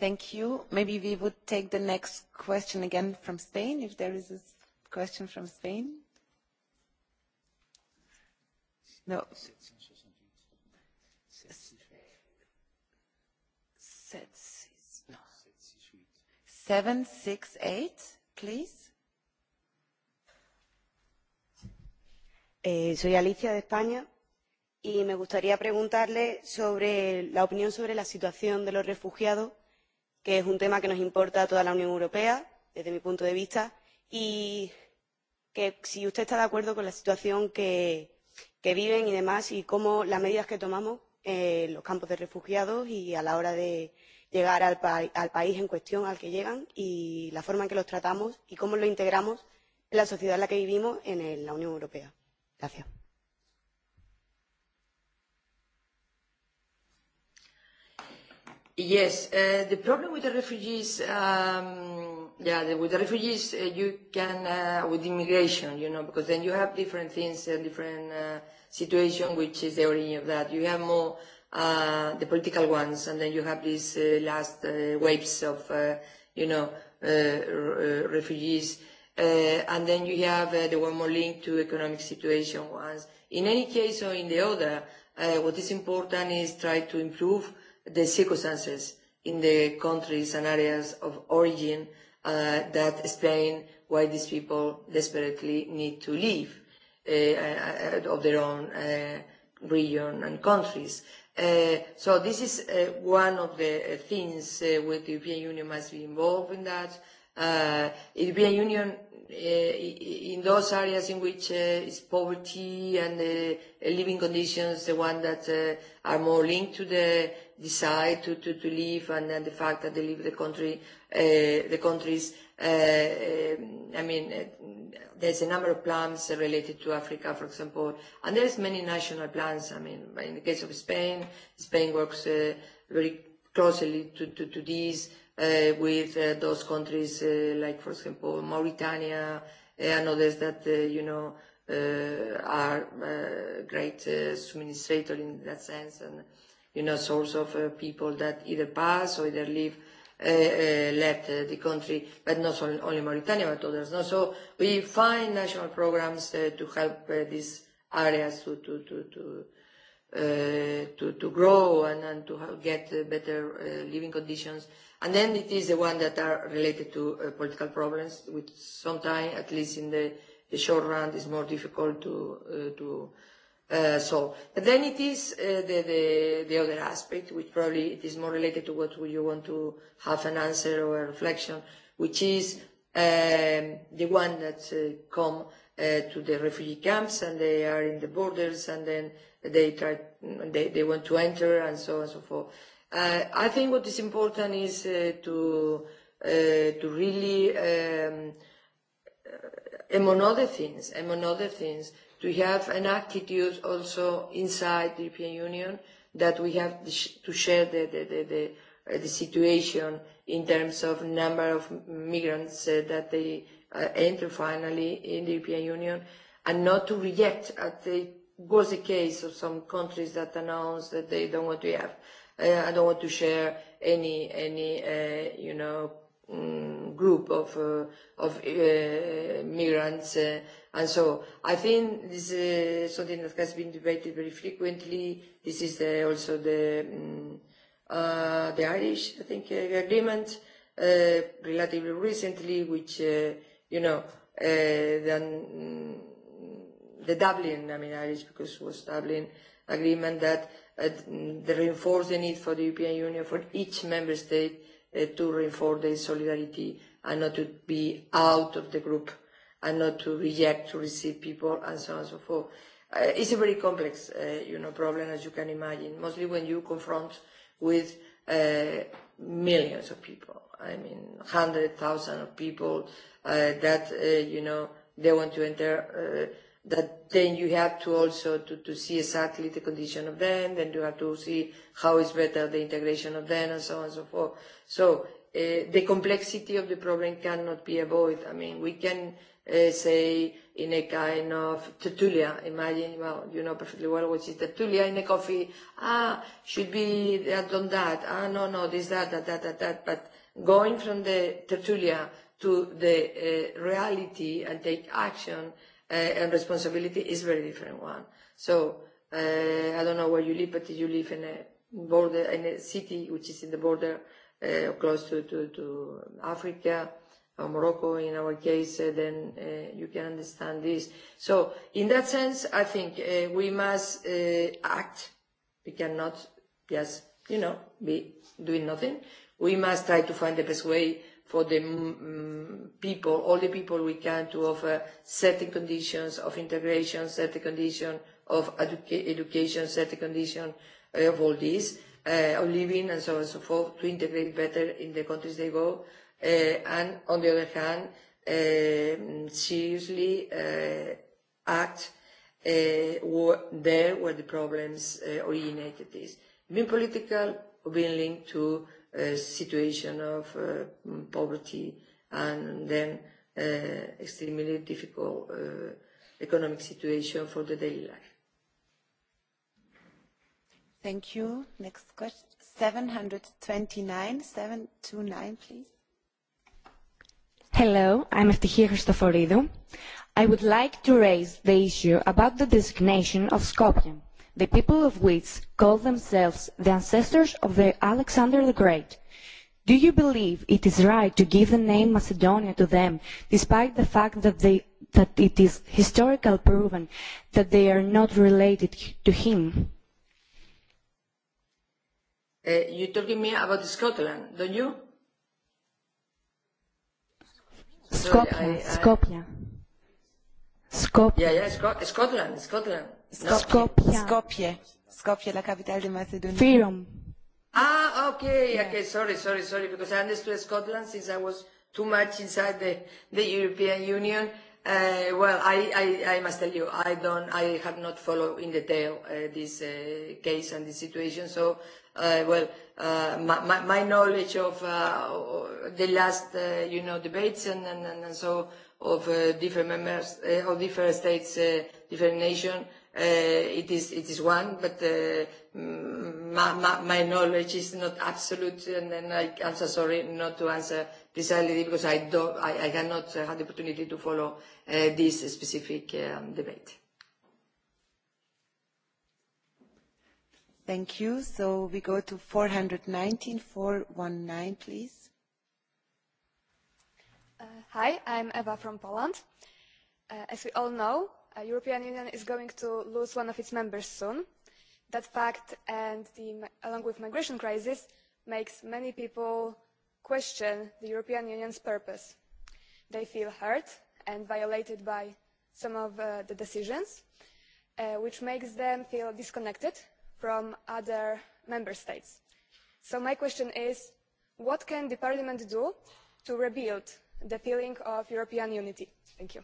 Thank you. Maybe we would take the next question again from Spain, if there is a question from Spain. 768, please. soy Alicia de España y me gustaría preguntarle sobre la opinión sobre la situación de los refugiados, que es un tema que nos importa a toda la Unión Europea, desde mi punto de vista, y que si usted está de acuerdo con la situación que que viven y demás y cómo las medidas que tomamos en los campos de refugiados y a la hora de llegar al país en cuestión al que llegan y la forma en que los tratamos y cómo los integramos en la sociedad en la que vivimos en la Unión Europea. Gracias. Yes, the problem with the refugees um, yeah, with the refugees, you can, with immigration, you know, because then you have different things and different situation, which is the origin of that. You have more the political ones, and then you have these last waves of, you know, refugees, and then you have the one more linked to economic situation ones. In any case or in the other, what is important is try to improve the circumstances in the countries and areas of origin that explain why these people desperately need to leave of their own region and countries. So this is one of the things where the European Union must be involved in that. The European Union in those areas in which is poverty and living conditions, the one that are more linked to the decide to, to, to leave and then the fact that they leave the country, uh, the countries, uh, I mean, uh, there's a number of plans related to Africa, for example, and there's many national plans. I mean, in the case of Spain, Spain works uh, very closely to, to, to these uh, with uh, those countries uh, like, for example, Mauritania and others that, uh, you know, uh, are uh, great uh, in that sense and you know, source of people that either pass or either leave left the country, but not only Mauritania, but others. No? So we find national programs to help these areas to, to, to, to, to, to grow and, and to get better living conditions. And then it is the one that are related to political problems, which sometimes, at least in the, the short run, is more difficult to, to So, then it is the the other aspect, which probably it is more related to what you want to have an answer or a reflection, which is the one that come to the refugee camps and they are in the borders and then they try they they want to enter and so on and so forth. I think what is important is to to really among other things, among other things to have an attitude also inside the European Union that we have to share the, the, the, the, the situation in terms of number of migrants that they enter finally in the European Union and not to reject at the was the case of some countries that announced that they don't want to have I don't want to share any any you know group of of migrants And so I think this is something that has been debated very frequently. This is the, also the, the Irish, I think, agreement relatively recently, which, you know, then the Dublin, I mean Irish because it was Dublin agreement that uh, they reinforced the need for the European Union for each member state to reinforce their solidarity and not to be out of the group and not to reject, to receive people, and so on and so forth. It's a very complex, you know, problem, as you can imagine, mostly when you confront with millions of people. I mean, hundred thousand of people that, you know, they want to enter, that then you have to also to, to see exactly the condition of them, then you have to see how is better the integration of them, and so on and so forth. So the complexity of the problem cannot be avoided. I mean, we can say, in a kind of tertulia. Imagine, well, you know perfectly well which is tertulia in a coffee. Ah, should be that on that. Ah, no, no, this, that, that, that, that, But going from the tertulia to the reality and take action and responsibility is a very different one. So I don't know where you live, but you live in a border, in a city which is in the border, close to, to, to Africa Morocco in our case, then you can understand this. So in that sense, I think we must act. We cannot just, you know, be doing nothing. We must try to find the best way for the people, all the people we can, to offer certain conditions of integration, certain conditions of education, certain conditions of all this, of living and so on and so forth, to integrate better in the countries they go and on the other hand seriously act there where the problems originated is being political being linked to a situation of poverty and then extremely difficult economic situation for the daily life. Thank you. Next question. 729, 729, please. Hello, I'm Eftichia Christoforidou. I would like to raise the issue about the designation of Skopje, the people of which call themselves the ancestors of the Alexander the Great. Do you believe it is right to give the name Macedonia to them, despite the fact that, it is historically proven that they are not related to him? Uh, you're talking me about Scotland, don't you? Skopje. Skopje. Skopje. Yeah, yeah, Scotland, Scotland. Skopje. Skopje. Skopje, la capitale de Macedonia. Firom. Ah, okay, yeah. okay, sorry, sorry, sorry, because I understood Scotland since I was too much inside the, the European Union. Uh, well, I, I, I must tell you, I don't, I have not followed in detail uh, this uh, case and this situation, so well, my, my knowledge of the last, you know, debates and, and, and so of different members of different states, different nations, it is it is one, but my, my, knowledge is not absolute, and then I, I'm so sorry not to answer precisely because I don't, I, I cannot have the opportunity to follow this specific debate. Thank you. So we go to 419, 419, please. Hi, I'm Eva from Poland. As we all know, the European Union is going to lose one of its members soon. That fact, and the along with migration crisis, makes many people question the European Union's purpose. They feel hurt and violated by some of the decisions, which makes them feel disconnected from other member states. So my question is, what can the Parliament do to rebuild the feeling of European unity? Thank you.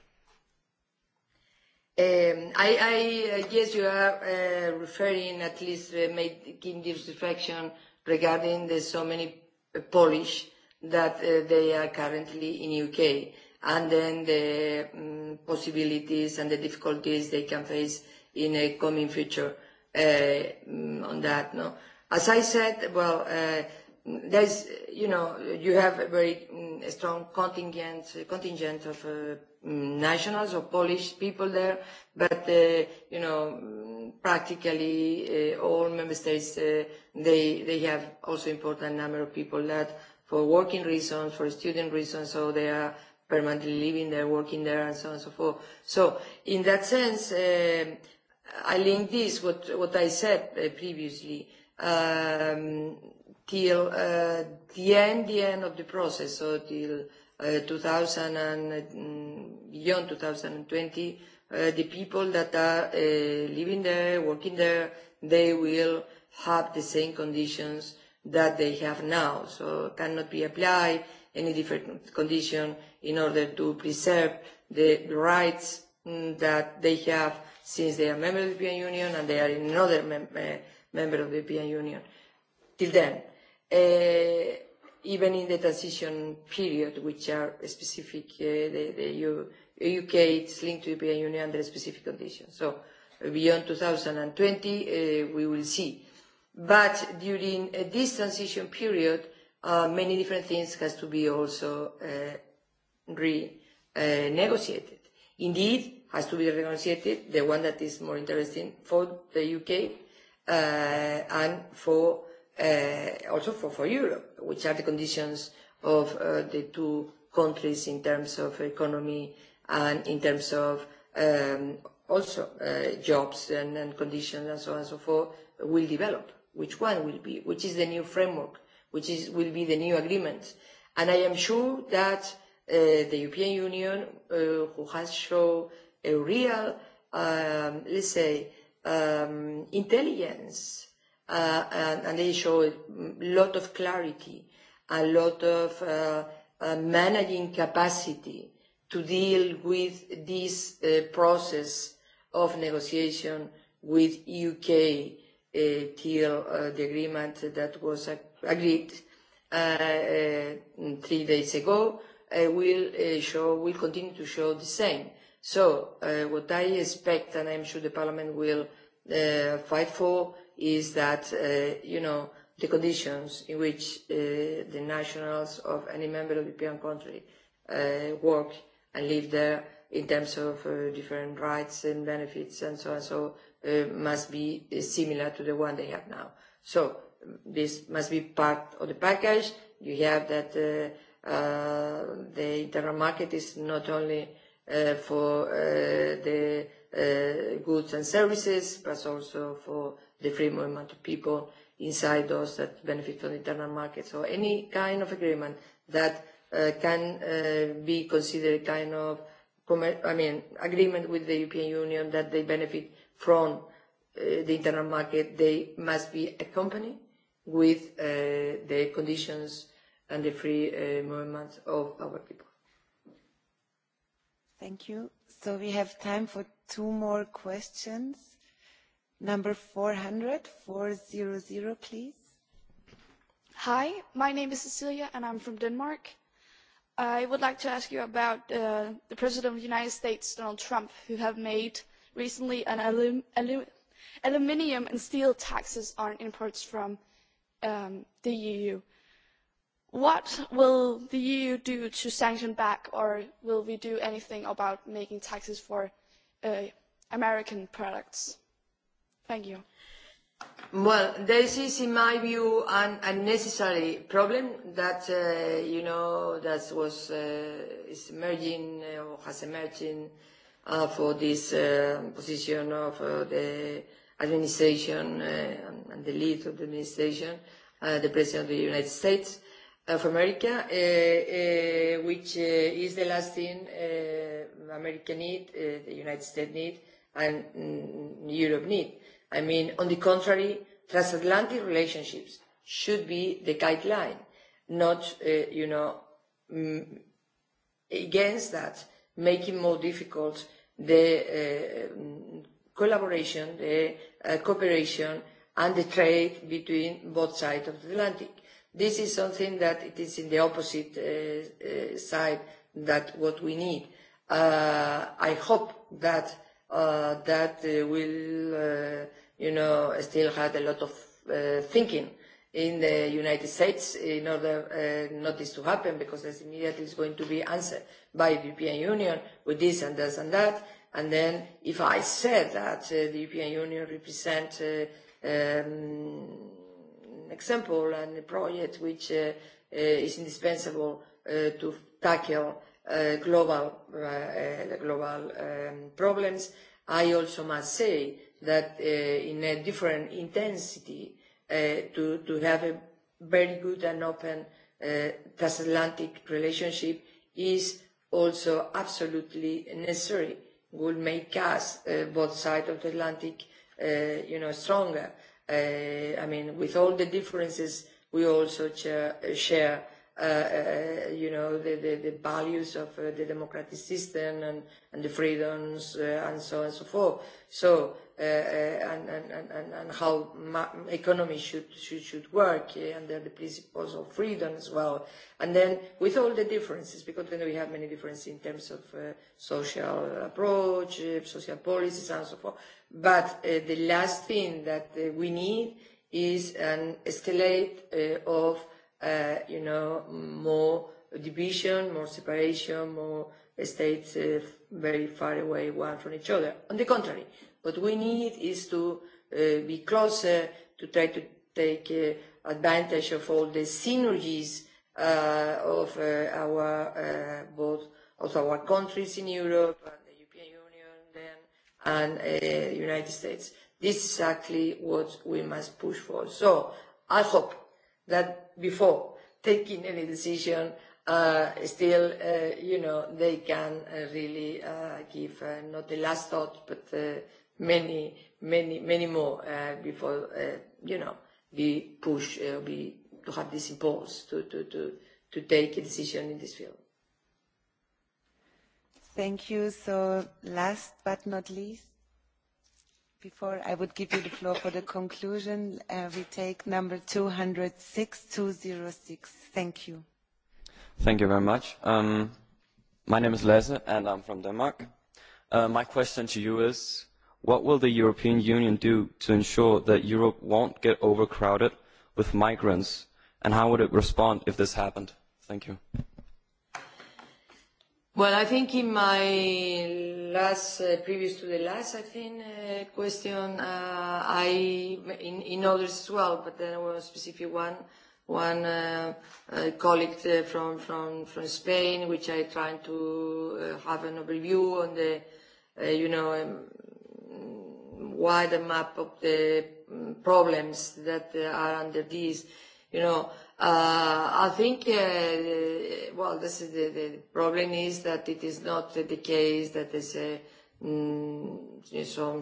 I I guess you are referring, at least making this reflection regarding the so many Polish that they are currently in UK and then the possibilities and the difficulties they can face in a coming future on that. No, as I said, well, there's, you know, you have a very strong contingent contingent of nationals or Polish people there, but you know, practically all member states they they have also important number of people that, for working reasons, for student reasons, so they are permanently living there, working there, and so on and so forth. So in that sense I link this what what I said previously till the end the end of the process, so till 2000 and beyond 2020, the people that are living there, working there, they will have the same conditions that they have now. So cannot be applied any different condition in order to preserve the rights that they have since they are member of the European Union and they are another member of the European Union. Till then, even in the transition period, which are specific, the UK is linked to the European Union under specific conditions. So beyond 2020, we will see. But during this transition period, many different things has to be also renegotiated. Indeed, has to be renegotiated, the one that is more interesting for the UK and for also for Europe, which are the conditions of the two countries in terms of economy and in terms of also jobs and conditions and so on and so forth will develop. Which one will be? Which is the new framework? Which is will be the new agreement? And I am sure that the European Union, who has shown a real, let's say, intelligence, and they show a lot of clarity, a lot of managing capacity to deal with this process of negotiation with UK till the agreement that was agreed three days ago will show will continue to show the same So what I expect, and I'm sure the Parliament will fight for, is that, you know, the conditions in which the nationals of any member of the European country work and live there in terms of different rights and benefits and so on, so must be similar to the one they have now. So this must be part of the package. You have that the internal market is not only for the goods and services, but also for the free movement of people inside those that benefit from the internal market. So any kind of agreement that can be considered kind of, I mean, agreement with the European Union that they benefit from the internal market, they must be accompanied with the conditions and the free movement of our people. Thank you. So we have time for two more questions. Number 400, 400, please. Hi, my name is Cecilia and I'm from Denmark. I would like to ask you about the President of the United States, Donald Trump, who have made recently an aluminium and steel taxes on imports from the EU. What will the EU do to sanction back, or will we do anything about making taxes for American products? Thank you. Well, this is, in my view, an unnecessary problem that, you know, that was is emerging or has emerged for this position of the administration and the lead of the administration, the President of the United States of America, which is the last thing America need, the United States need, and Europe need. I mean, on the contrary, transatlantic relationships should be the guideline, not, you know, against that, making more difficult the collaboration, the cooperation, and the trade between both sides of the Atlantic This is something that it is in the opposite side that what we need. I hope that that will, you know, still have a lot of thinking in the United States in order not this to happen because this immediately is going to be answered by the European Union with this and this and that. And then if I said that the European Union represents example and a project which is indispensable to tackle global global problems. I also must say that in a different intensity to to have a very good and open transatlantic relationship is also absolutely necessary. Will make us both sides of the Atlantic, you know, stronger. I mean, with all the differences, we also share, uh you know, the the the values of the democratic system and and the freedoms and so on and so forth. So and and and and how economy should should should work under the principles of freedom as well and then with all the differences because then we have many differences in terms of social approach social policies and so forth but the last thing that we need is an escalate of you know more division more separation more states very far away one from each other on the contrary What we need is to be closer to try to take advantage of all the synergies of our both of our countries in Europe and the European Union then and the United States. This is exactly what we must push for. So I hope that before taking any decision, still, you know, they can really give not the last thought, but many, many, many more before, you know, we push, we to have this impulse to, to, to, to take a decision in this field. Thank you. So last but not least, before I would give you the floor for the conclusion, we take number 206, Thank you. Thank you very much. Um, my name is Leza and I'm from Denmark. my question to you is, What will the European Union do to ensure that Europe won't get overcrowded with migrants, and how would it respond if this happened? Thank you. Well, I think in my last, previous to the last, I think, question, I, in others as well, but there was a specific one, one colleague from from from Spain, which I trying to have an overview on the, you know wider map of the problems that are under these. You know, I think, well, this is the problem is that it is not the case that there's some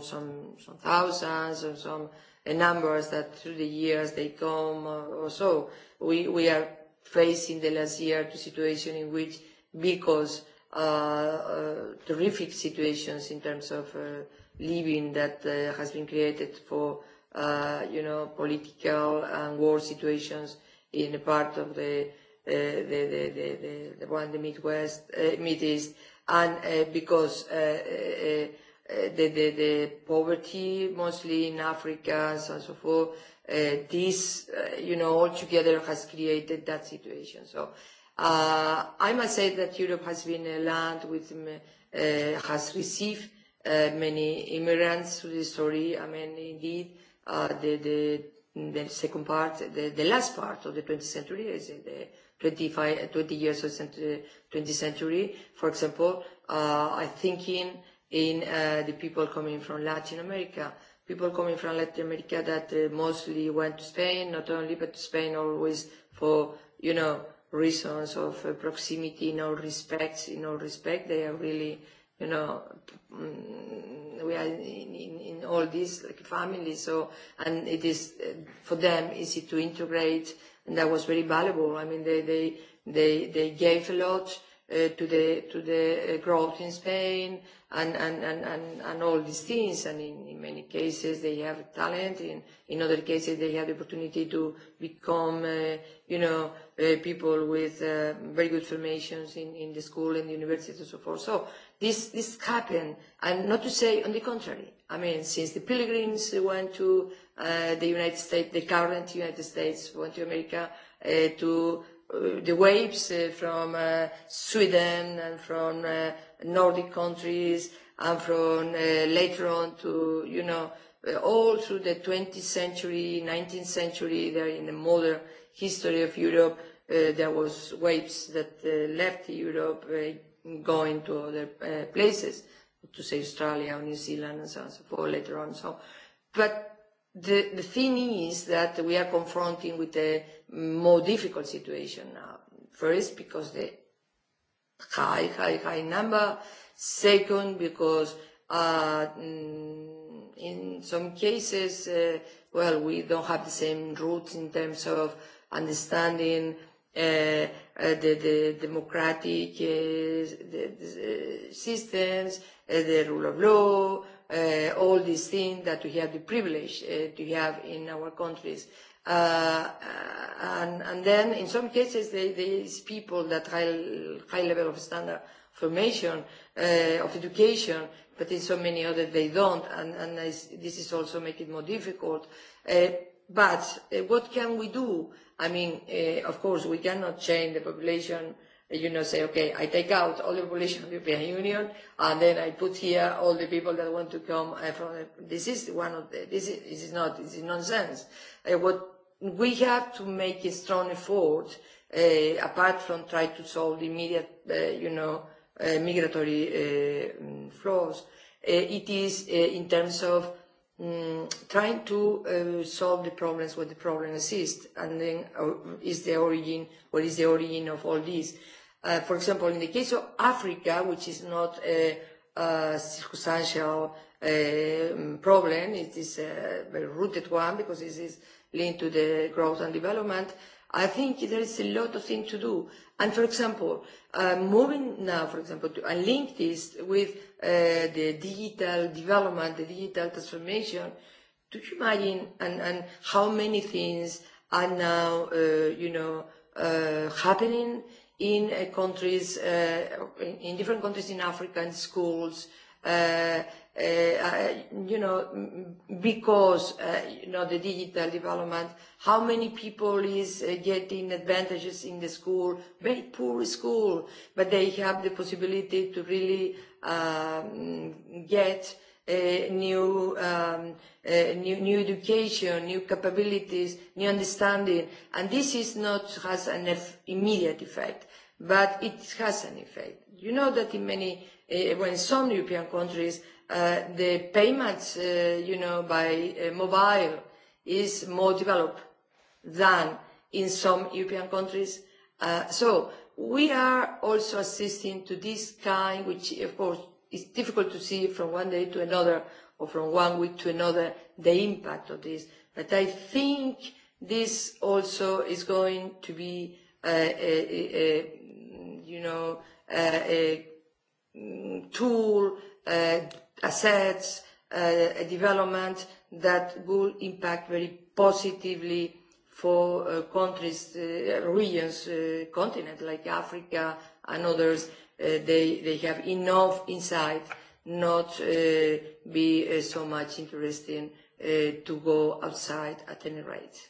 some some thousands or some numbers that through the years they come or so. We we are facing the last year to situation in which because terrific situations in terms of living that has been created for, you know, political and war situations in a part of the the the the one the Midwest, Mid East, and because the the the poverty mostly in Africa and so forth, this, you know, all together has created that situation. So. I must say that Europe has been a land with, has received many immigrants to the story. I mean, indeed, the the second part, the the last part of the 20th century is the 25, 20 years of the 20th century. For example, I thinking in the people coming from Latin America, people coming from Latin America that mostly went to Spain, not only but to Spain always for you know reasons of proximity in all respects. In all respect, they are really you know, we are in all these like families, so and it is for them easy to integrate, and that was very valuable. I mean, they they they they gave a lot to the to the growth in Spain and and and and and all these things. And in in many cases they have talent. In in other cases they have the opportunity to become, you know, people with very good formations in in the school and the university and so forth. So this this happened, and not to say on the contrary. I mean, since the Pilgrims went to the United States, the current United States went to America, to the waves from Sweden and from Nordic countries and from later on to, you know, all through the 20th century, 19th century, there in the modern history of Europe, there was waves that left Europe going to other places, to say Australia or New Zealand and so on and so forth later on. So, but the the thing is that we are confronting with a more difficult situation now. First, because the high, high, high number. Second, because uh, in some cases, well, we don't have the same roots in terms of understanding the, the democratic systems, the rule of law, all these things that we have the privilege to have in our countries. And and then in some cases there these people that high level of standard formation, of education, but in so many others they don't and and this is also making it more difficult. But what can we do? I mean, of course, we cannot change the population. You know, say, okay, I take out all the population of the European Union, and then I put here all the people that want to come from. This is one of the. This is not. This is nonsense. What we have to make a strong effort, apart from trying to solve the immediate, you know, migratory flows. It is in terms of trying to solve the problems where the problem exists and then is the origin what is the origin of all this. For example, in the case of Africa, which is not a circumstantial problem, it is a very rooted one because it is linked to the growth and development. I think there is a lot of things to do. And for example, moving now, for example, to link this with the digital development, the digital transformation, do you imagine and, and how many things are now, you know, happening in countries, in different countries in Africa, in schools, you know, because, you know, the digital development, how many people is getting advantages in the school, very poor school, but they have the possibility to really get new new education, new capabilities, new understanding. And this is not has an immediate effect, but it has an effect. You know that in many, when some European countries the payments, you know, by mobile is more developed than in some European countries. So we are also assisting to this kind, which of course is difficult to see from one day to another or from one week to another, the impact of this. But I think this also is going to be, you know, a tool assets, a development that will impact very positively for countries, regions, continent like Africa and others. They they have enough insight not be so much interesting to go outside at any rate.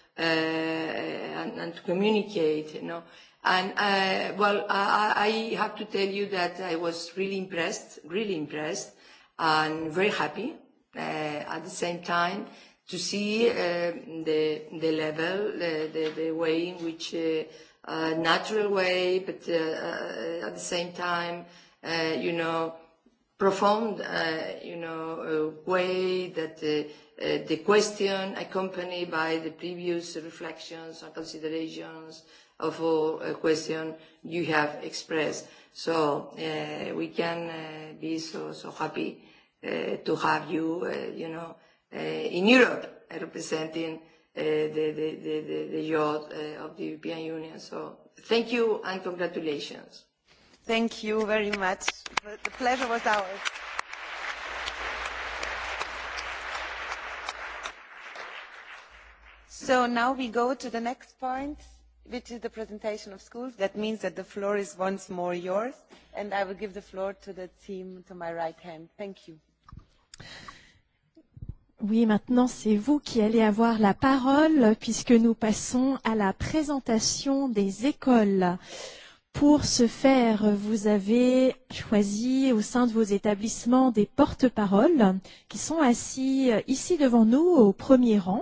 and to communicate, you know. And well, I have to tell you that I was really impressed, really impressed, and very happy at the same time to see the the level, the the way in which natural way, but at the same time, you know, profound, you know, way that the question accompanied by the previous reflections and considerations of all question you have expressed. So we can be so so happy to have you, you know, in Europe representing the the of the European Union. So thank you and congratulations. Thank you very much. The pleasure was ours. So now we go to the next point, which is the presentation of schools. That means that the floor is once more yours, and I will give the floor to the team to my right hand. Thank you. Oui, maintenant c'est vous qui allez avoir la parole puisque nous passons à la présentation des écoles. Pour ce faire, vous avez choisi au sein de vos établissements des porte-paroles qui sont assis ici devant nous au premier rang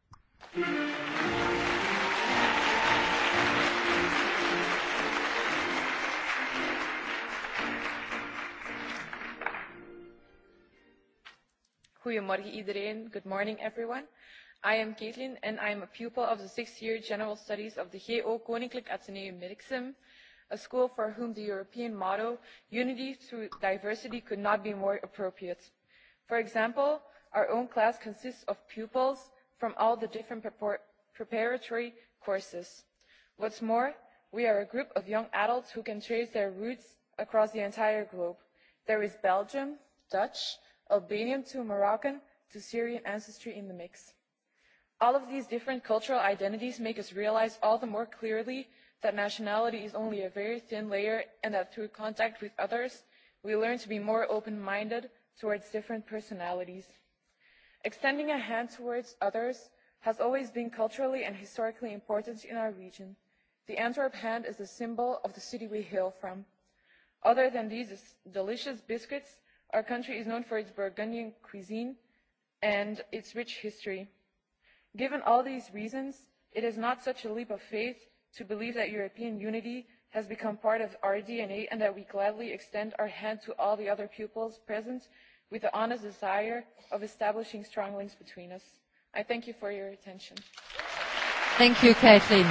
Goedemorgen iedereen, good morning everyone. I am Caitlin and I am a pupil of the sixth year General Studies of the GO Koninklijk Atheneum Merksem, a school for whom the European motto, unity through diversity, could not be more appropriate. For example, our own class consists of pupils from all the different preparatory courses. What's more, we are a group of young adults who can trace their roots across the entire globe. There is Belgium, Dutch, Albanian to Moroccan to Syrian ancestry in the mix. All of these different cultural identities make us realize all the more clearly that nationality is only a very thin layer and that through contact with others, we learn to be more open-minded towards different personalities. Extending a hand towards others has always been culturally and historically important in our region. The Antwerp hand is the symbol of the city we hail from. Other than these delicious biscuits, our country is known for its Burgundian cuisine and its rich history. Given all these reasons, it is not such a leap of faith to believe that European unity has become part of our DNA and that we gladly extend our hand to all the other pupils present with the honest desire of establishing strong links between us. I thank you for your attention. Thank you, Kathleen.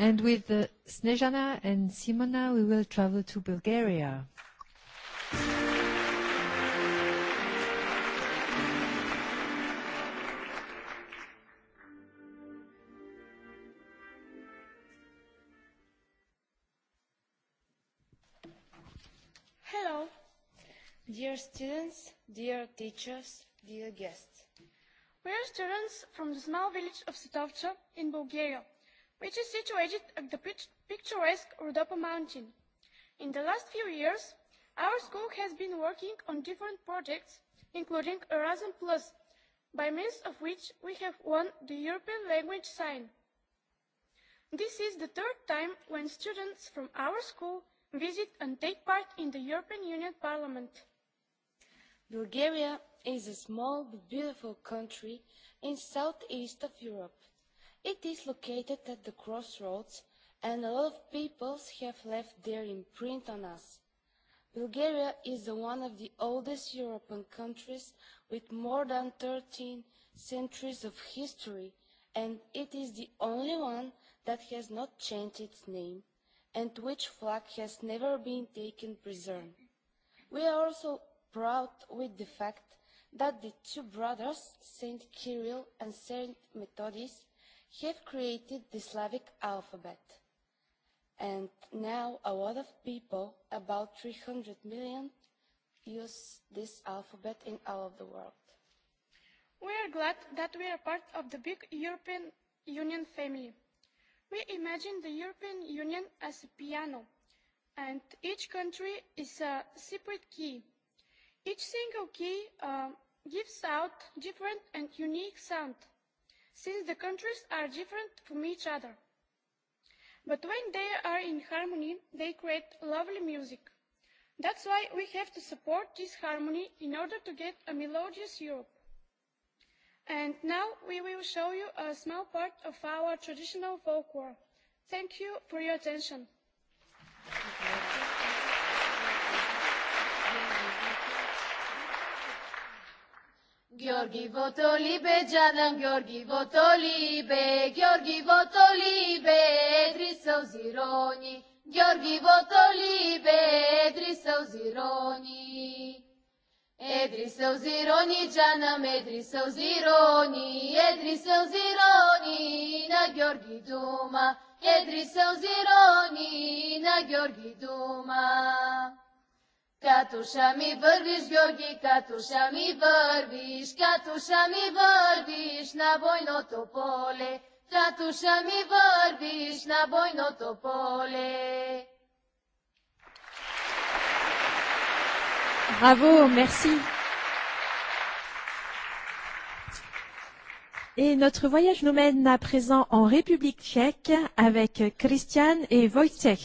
And with Snezhana and Simona, we will travel to Bulgaria. students, dear teachers, dear guests. We are students from the small village of Sitovca in Bulgaria, which is situated at the picturesque Rudopa mountain. In the last few years, our school has been working on different projects, including Erasmus Plus, by means of which we have won the European language sign. This is the third time when students from our school visit and take part in the European Union Parliament. Bulgaria is a small but beautiful country in southeast of Europe. It is located at the crossroads and a lot of peoples have left their imprint on us. Bulgaria is one of the oldest European countries with more than 13 centuries of history and it is the only one that has not changed its name and which flag has never been taken preserved. We are also Proud with the fact that the two brothers, Saint Kirill and Saint Methodius, have created the Slavic alphabet. And now a lot of people, about 300 million, use this alphabet in all of the world. We are glad that we are part of the big European Union family. We imagine the European Union as a piano, and each country is a separate key Each single key gives out different and unique sound, since the countries are different from each other. But when they are in harmony, they create lovely music. That's why we have to support this harmony in order to get a melodious Europe. And now we will show you a small part of our traditional folklore. Thank you for your attention. Γιώργη Βοτολίπε, Τζάνταν Γεώργη Βοτολίπε, Γεώργη Βοτολίπε, έτρισε ο Ζηρώνη, Γιώργη Βοτολίπε, έτρισε ο Ζηρώνη. Έτρισε ο Ζηρώνη, Τζάνα μέτρισε ο Ζηρώνη, έτρισε ο Ζηρώνη, να Γιώργη Τούμα, έτρισε ο Ζηρώνη, να Γιώργη Τούμα μη βαρβίς Γιώργη, κατούσαμε κάτουσα μη βαρβίς να βοηνώ το πόλε, μη βαρβίς να βοηνώ το πόλε. Bravo, merci. Et notre voyage nous mène à présent en République tchèque avec Christian et Wojciech.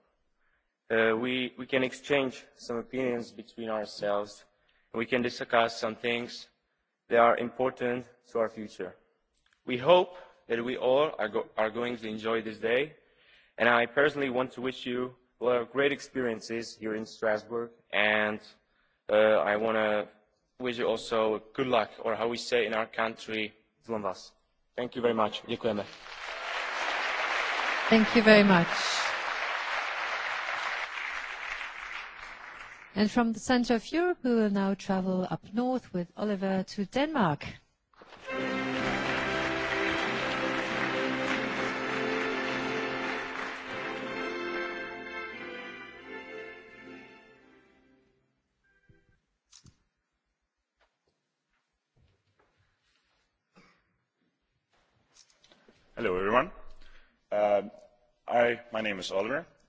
we we can exchange some opinions between ourselves and we can discuss some things that are important to our future. We hope that we all are going to enjoy this day and I personally want to wish you a lot of great experiences here in Strasbourg and I want to wish you also good luck or how we say in our country, Thank you very much. Thank you very much. And from the centre of Europe, we will now travel up north with Oliver to Denmark. Hello, everyone. my name is Oliver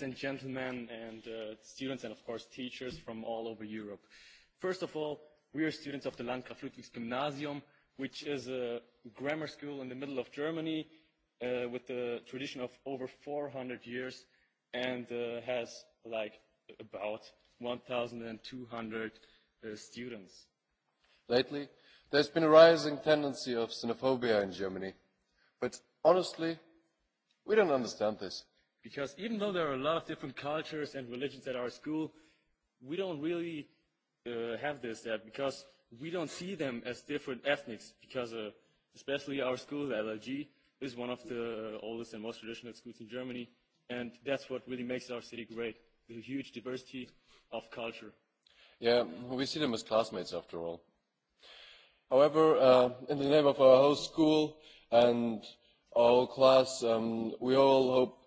ladies and gentlemen, and students and, of course, teachers from all over Europe. First of all, we are students of the Landgraf Ludwigs Gymnasium, which is a grammar school in the middle of Germany with a tradition of over 400 years and has, like, about 1,200 students. Lately, there's been a rising tendency of xenophobia in Germany. But honestly, we don't understand this. Because even though there are a lot of different cultures and religions at our school, we don't really have this that because we don't see them as different ethnics because especially our school, the LLG, is one of the oldest and most traditional schools in Germany, and that's what really makes our city great, the huge diversity of culture. Yeah, we see them as classmates after all. However, in the name of our whole school and our whole class, we all hope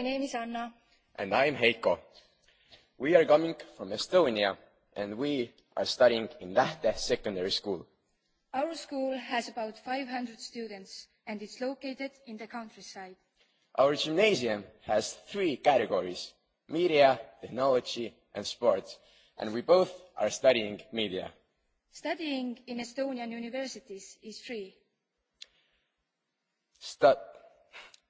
My name is Anna. And I am Heiko. We are coming from Estonia and we are studying in Lahte Secondary School. Our school has about 500 students and it's located in the countryside. Our gymnasium has three categories, media, technology and sports, and we both are studying media. Studying in Estonian universities is free.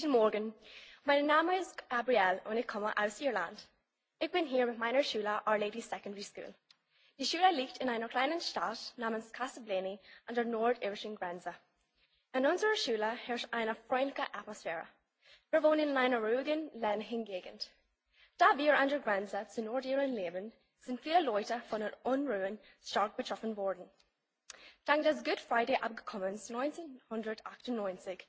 Guten morgen. Mein Name ist Gabrielle und ich komme aus Irland. Ich bin hier mit meiner Schule, Our Lady Secondary School. Die Schule liegt in einer kleinen Stadt namens Casablanca an der nordirischen Grenze. In unserer Schule herrscht eine freundliche Atmosphäre. Wir wohnen in einer ruhigen, ländlichen Gegend. Da wir an der Grenze zu Nordirland leben, sind viele Leute von den Unruhen stark betroffen worden. Dank des Good Friday Abkommens 1998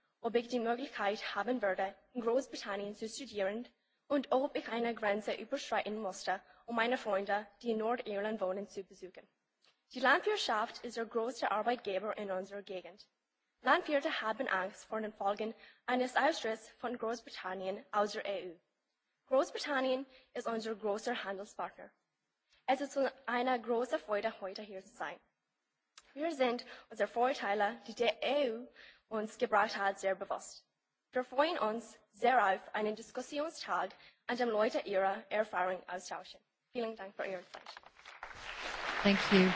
ob ich die Möglichkeit haben würde, in Großbritannien zu studieren und ob ich eine Grenze überschreiten musste, um meine Freunde, die in Nordirland wohnen, zu besuchen. Die Landwirtschaft ist der größte Arbeitgeber in unserer Gegend. Landwirte haben Angst vor den Folgen eines Austritts von Großbritannien aus der EU. Großbritannien ist unser großer Handelspartner. Es ist eine große Freude, heute hier zu sein. Wir sind unsere Vorteile, die der EU uns gebracht hat, sehr bewusst. Wir freuen uns sehr auf einen Diskussionstag, an dem Leute ihre Erfahrungen austauschen. Vielen Dank für Ihre Zeit. Thank you.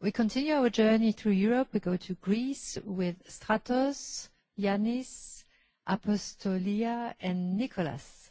We continue our journey through Europe. We go to Greece with Stratos, Yanis, Apostolia, and Nicholas.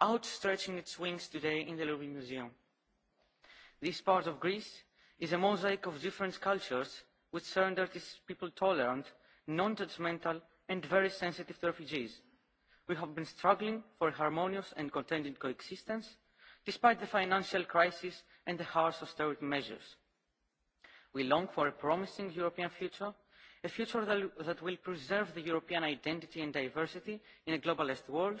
outstretching its wings today in the Louvre Museum. This part of Greece is a mosaic of different cultures which rendered its people tolerant, non-judgmental and very sensitive to refugees. We have been struggling for harmonious and contented coexistence despite the financial crisis and the harsh austerity measures. We long for a promising European future, a future that will preserve the European identity and diversity in a globalist world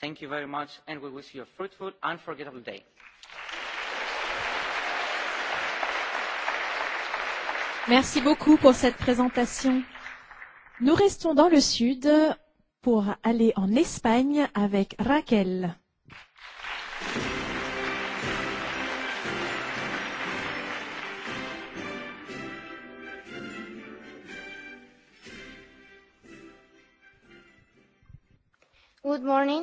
Thank you very much, and we wish you a fruitful, unforgettable day. Merci beaucoup pour cette présentation. Nous restons dans le sud pour aller en Espagne avec Raquel. Good morning.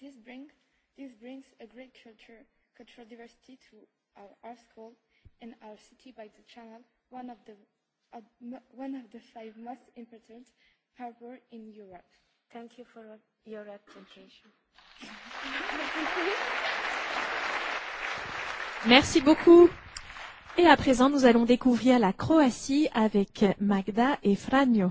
This, bring, this brings a great culture, cultural diversity to our, our school and our city by the channel, one of the, one of the five most important harbour in Europe. Thank you for your attention. Merci beaucoup. Et à présent, nous allons découvrir la Croatie avec Magda et Franjo.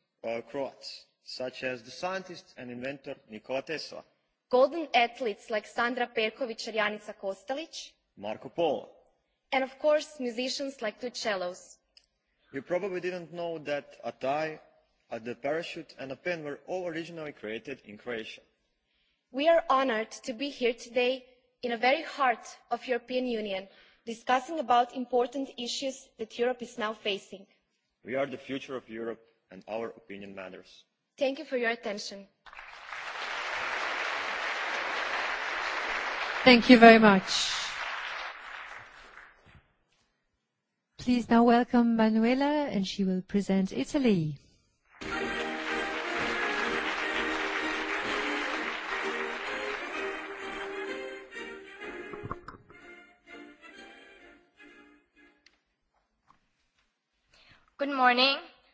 Croats, such as the scientist and inventor Nikola Tesla. Golden athletes like Sandra Perković and Janica Kostelić. Marco Polo. And of course, musicians like two cellos. You probably didn't know that a tie, the parachute and a pen were all originally created in Croatia. We are honoured to be here today in the very heart of European Union, discussing about important issues that Europe is now facing. We are the future of Europe and our opinion matters. Thank you for your attention. Thank you very much. Please now welcome Manuela and she will present Italy. Good morning.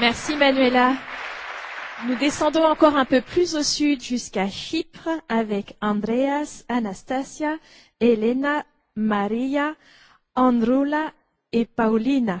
Merci Manuela. Nous descendons encore un peu plus au sud jusqu'à Chypre avec Andreas, Anastasia, Elena, Maria, Androula et Paulina.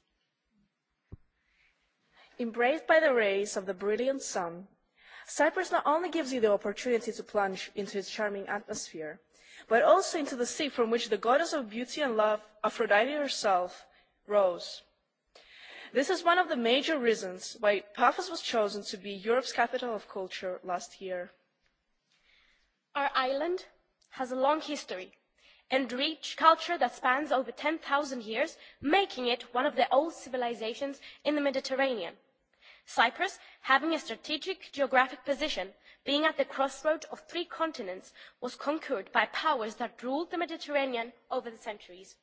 embraced by the rays of the brilliant sun. Cyprus not only gives you the opportunity to plunge into its charming atmosphere, but also into the sea from which the goddess of beauty and love, Aphrodite herself, rose. This is one of the major reasons why Paphos was chosen to be Europe's capital of culture last year. Our island has a long history and rich culture that spans over 10,000 years, making it one of the old civilizations in the Mediterranean. Cyprus, having a strategic geographic position, being at the crossroads of three continents, was conquered by powers that ruled the Mediterranean over the centuries.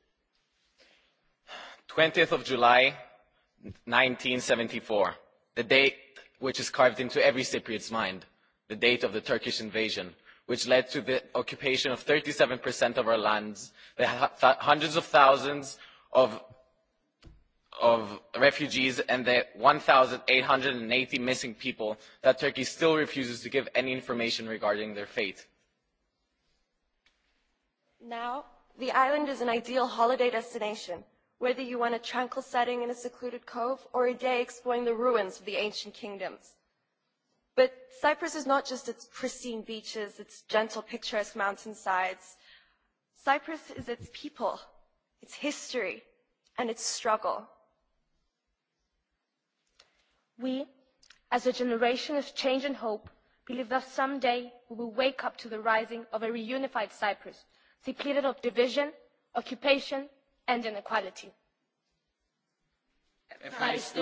20th of July, 1974, the date which is carved into every Cypriot's mind, the date of the Turkish invasion, which led to the occupation of 37% of our lands, the hundreds of thousands of of refugees and the 1,880 missing people that Turkey still refuses to give any information regarding their fate. Now, the island is an ideal holiday destination, whether you want a tranquil setting in a secluded cove or a day exploring the ruins of the ancient kingdoms. But Cyprus is not just its pristine beaches, its gentle picturesque mountainsides. Cyprus is its people, its history, and its struggle. We, as a generation of change and hope, believe that someday we will wake up to the rising of a reunified Cyprus, depleted of division, occupation and inequality. Thank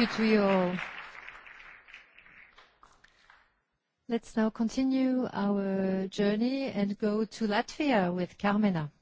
you to you all. Let's now continue our journey and go to Latvia with Carmena.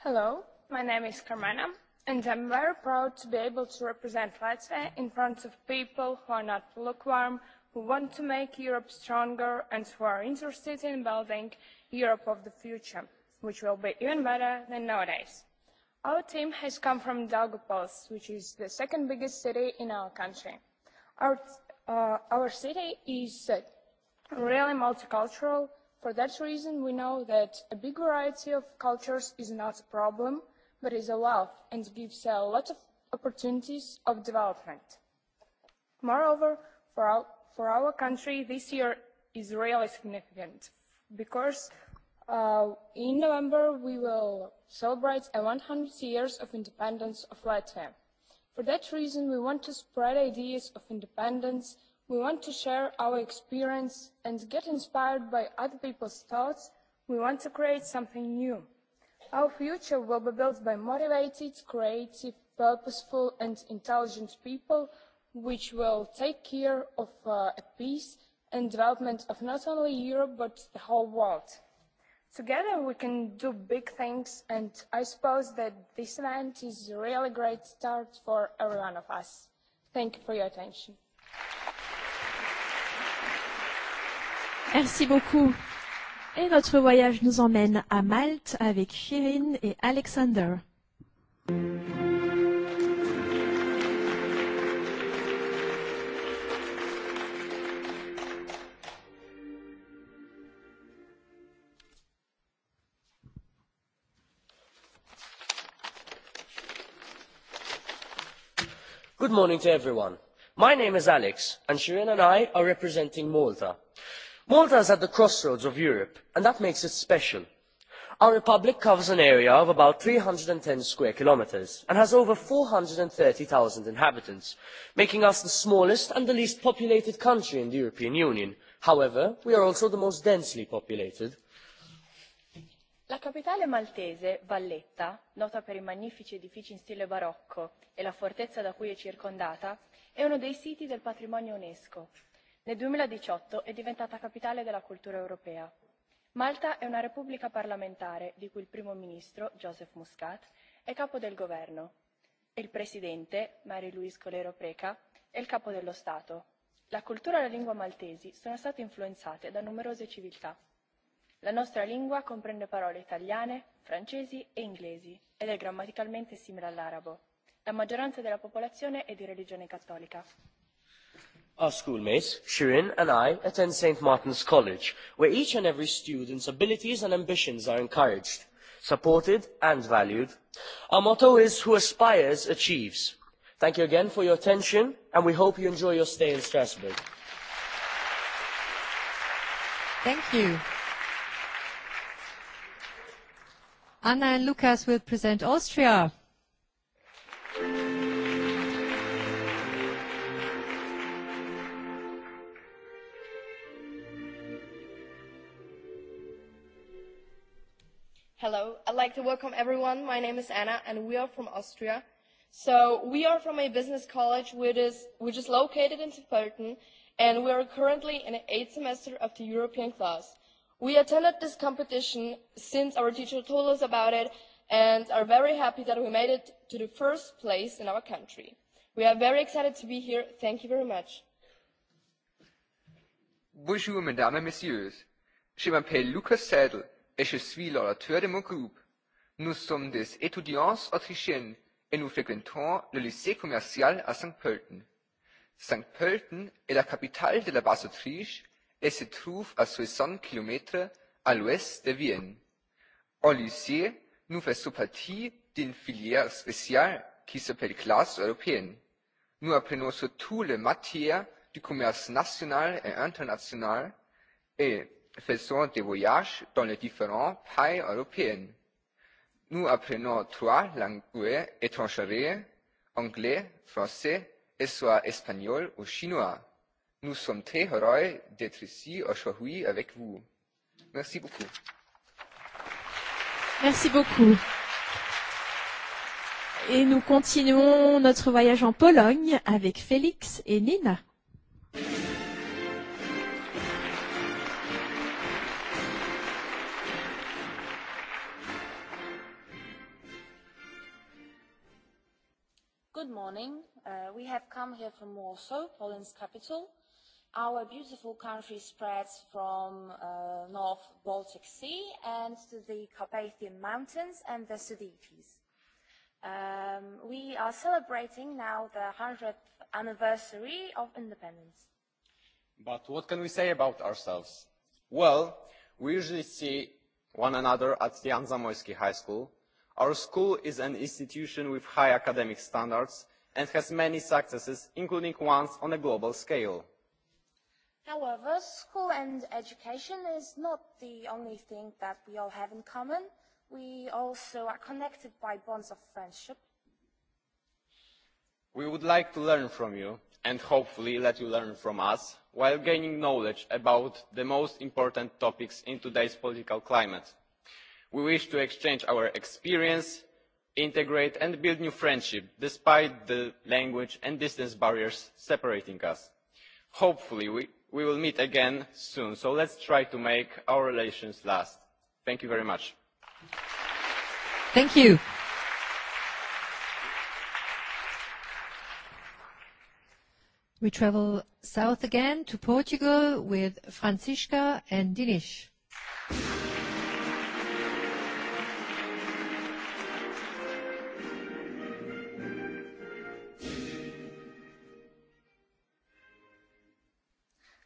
Hello, my name is Carmena, and I'm very proud to be able to represent Latvia in front of people who are not lukewarm, who want to make Europe stronger, and who are interested in building Europe of the future, which will be even better than nowadays. Our team has come from Daugavpils, which is the second biggest city in our country. Our, our city is really multicultural. For that reason, we know that a big variety of cultures is not a problem, but is a wealth and gives a lot of opportunities of development. Moreover, for our, for our country, this year is really significant because In November, we will celebrate the 100 years of independence of Latvia. For that reason, we want to spread ideas of independence, we want to share our experience and get inspired by other people's thoughts, we want to create something new. Our future will be built by motivated, creative, purposeful and intelligent people which will take care of a peace and development of not only Europe but the whole world. Together we can do big things and I suppose that this event is a really great start for every one of us. Thank you for your attention. Merci beaucoup. Et notre voyage nous emmène à Malte avec Shirin et Alexander. Good morning to everyone. My name is Alex, and Shirin and I are representing Malta. Malta is at the crossroads of Europe, and that makes it special. Our republic covers an area of about 310 square kilometres and has over 430,000 inhabitants, making us the smallest and the least populated country in the European Union. However, we are also the most densely populated La capitale maltese, Valletta, nota per i magnifici edifici in stile barocco e la fortezza da cui è circondata, è uno dei siti del patrimonio UNESCO. Nel 2018 è diventata capitale della cultura europea. Malta è una repubblica parlamentare di cui il primo ministro, Joseph Muscat, è capo del governo e il presidente, Marie-Louise Colero Preca, è il capo dello Stato. La cultura e la lingua maltesi sono state influenzate da numerose civiltà La nostra lingua comprende parole italiane, francesi e inglesi ed è grammaticalmente simile all'arabo. La maggioranza della popolazione è di religione cattolica. Our schoolmates, Shirin and I, attend St. Martin's College, where each and every student's abilities and ambitions are encouraged, supported and valued. Our motto is, who aspires, achieves. Thank you again for your attention, and we hope you enjoy your stay in Strasbourg. Thank you. Anna and Lukas will present Austria. Hello, I'd like to welcome everyone. My name is Anna and we are from Austria. So we are from a business college which is, which is located in Tifferten and we are currently in the eighth semester of the European class. We attended this competition since our teacher told us about it and are very happy that we made it to the first place in our country. We are very excited to be here. Thank you very much. Bonjour, mesdames et messieurs. Je m'appelle Lucas Sadel et je suis l'orateur de mon groupe. Nous sommes des étudiants autrichiens et nous fréquentons le lycée commercial à Saint-Pölten. Saint-Pölten est la capitale de la Basse-Autriche et se trouve à 60 km à l'ouest de Vienne. En lycée, nous faisons partie d'une filière spéciale qui s'appelle classe européenne. Nous apprenons surtout les matières du commerce national et international et faisons des voyages dans les différents pays européens. Nous apprenons trois langues étrangères, anglais, français et soit espagnol ou chinois. Nous sommes très heureux d'être ici aujourd'hui avec vous. Merci beaucoup. Merci beaucoup. Et nous continuons notre voyage en Pologne avec Félix et Nina. Good morning. We have come here from Warsaw, Poland's capital Our beautiful country spreads from North Baltic Sea and to the Carpathian Mountains and the Sudetes. We are celebrating now the 100th anniversary of independence. But what can we say about ourselves? Well, we usually see one another at the Zamoyski High School. Our school is an institution with high academic standards and has many successes, including ones on a global scale. However, school and education is not the only thing that we all have in common. We also are connected by bonds of friendship. We would like to learn from you and hopefully let you learn from us while gaining knowledge about the most important topics in today's political climate. We wish to exchange our experience, integrate and build new friendship despite the language and distance barriers separating us. Hopefully, we we will meet again soon so let's try to make our relations last thank you very much thank you we travel south again to portugal with francisca and dinish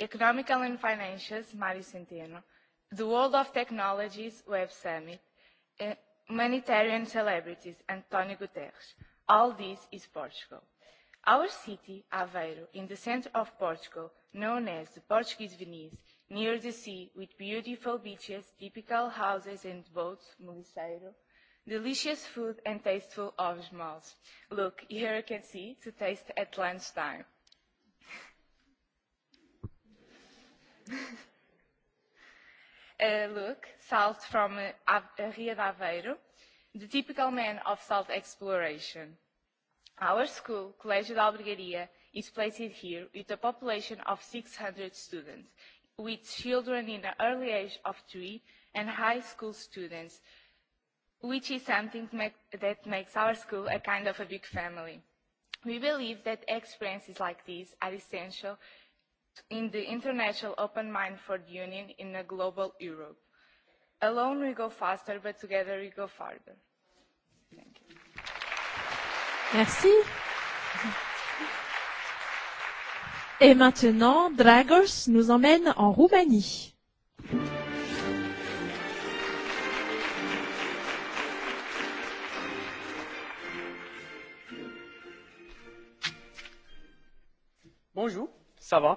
Economical and Financials, Mário Centeno, the World of Technologies Web Summit, humanitarian celebrities, António Guterres. All this is Portugal. Our city, Aveiro, in the center of Portugal, known as the Portuguese Venice, near the sea with beautiful beaches, typical houses and boats, Muliceiro, delicious food and tasteful of malls. Look, here you can see to taste at lunchtime. look, salt from Ria de Aveiro, the typical man of salt exploration. Our school, Colégio da Albergaria, is placed here with a population of 600 students, with children in the early age of three and high school students, which is something that makes our school a kind of a big family. We believe that experiences like these are essential in the international open mind for the Union in a global Europe. Alone we go faster, but together we go farther. Thank you. Merci. Et maintenant, Dragos nous emmène en Roumanie. Bonjour, ça va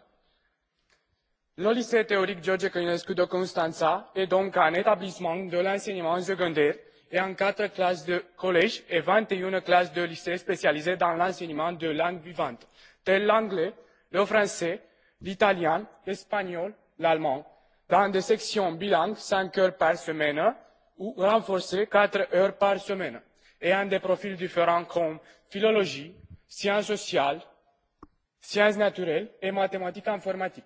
Le lycée théorique George Călinescu de Constanza est donc un établissement de l'enseignement secondaire et en quatre classes de collège et 21 classes de lycée spécialisées dans l'enseignement de langues vivantes, telles l'anglais, le français, l'italien, l'espagnol, l'allemand, dans des sections bilingues 5 heures par semaine ou renforcées 4 heures par semaine, et ayant des profils différents comme philologie, sciences sociales, sciences naturelles et mathématiques informatiques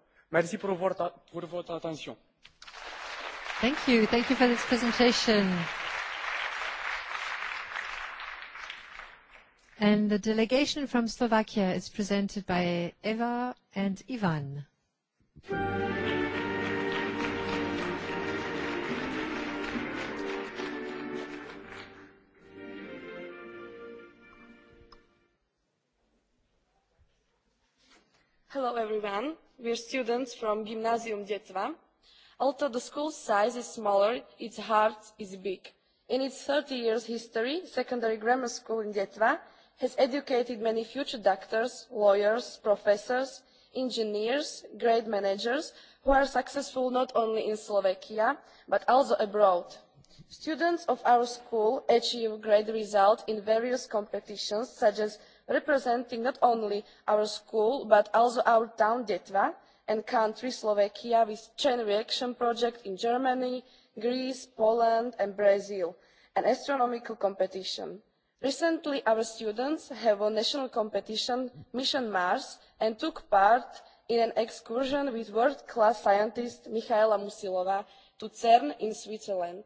Merci pour votre votre attention. Thank you. Thank you for this presentation. And the delegation from Slovakia is presented by Eva and Ivan. Hello, everyone are students from Gymnasium Dietva. Although the school's size is smaller, its heart is big. In its 30 years history, secondary grammar school in Dietva has educated many future doctors, lawyers, professors, engineers, grade managers, who are successful not only in Slovakia, but also abroad. Students of our school achieve great results in various competitions, such as representing not only our school but also our town Detva and country Slovakia with chain reaction project in Germany, Greece, Poland and Brazil, an astronomical competition. Recently our students have won national competition Mission Mars and took part in an excursion with world class scientist Michaela Musilova to CERN in Switzerland.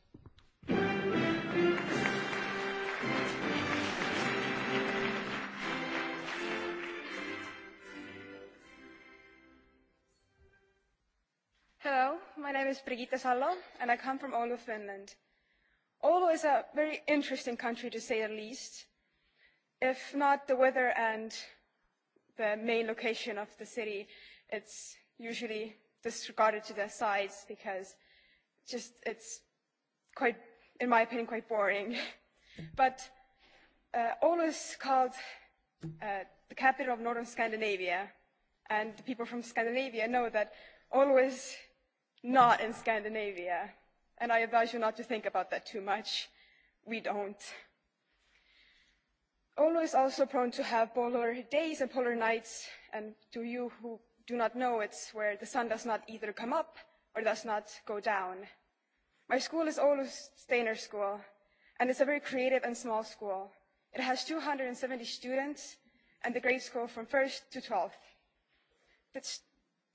is Brigitte Salo, and I come from Oulu, Finland. Oulu is a very interesting country, to say the least, if not the weather and the main location of the city. It's usually disregarded to the sides because just it's quite, in my opinion, quite boring. But Oulu is called the capital of northern Scandinavia, and the people from Scandinavia know that Oulu is not in Scandinavia. And I advise you not to think about that too much. We don't. Olu is also prone to have polar days and polar nights, and to you who do not know, it's where the sun does not either come up or does not go down. My school is Oulu Stainer School, and it's a very creative and small school. It has 270 students, and the grade school from first to 12th.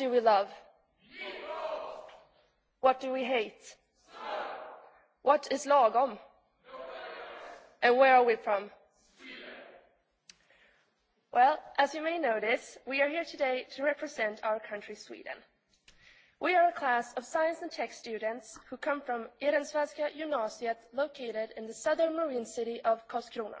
do we love? What do we hate? What is lagom? And where are we from? Well, as you may notice, we are here today to represent our country, Sweden. We are a class of science and tech students who come from Erensvenska gymnasiet located in the southern marine city of Karlskrona.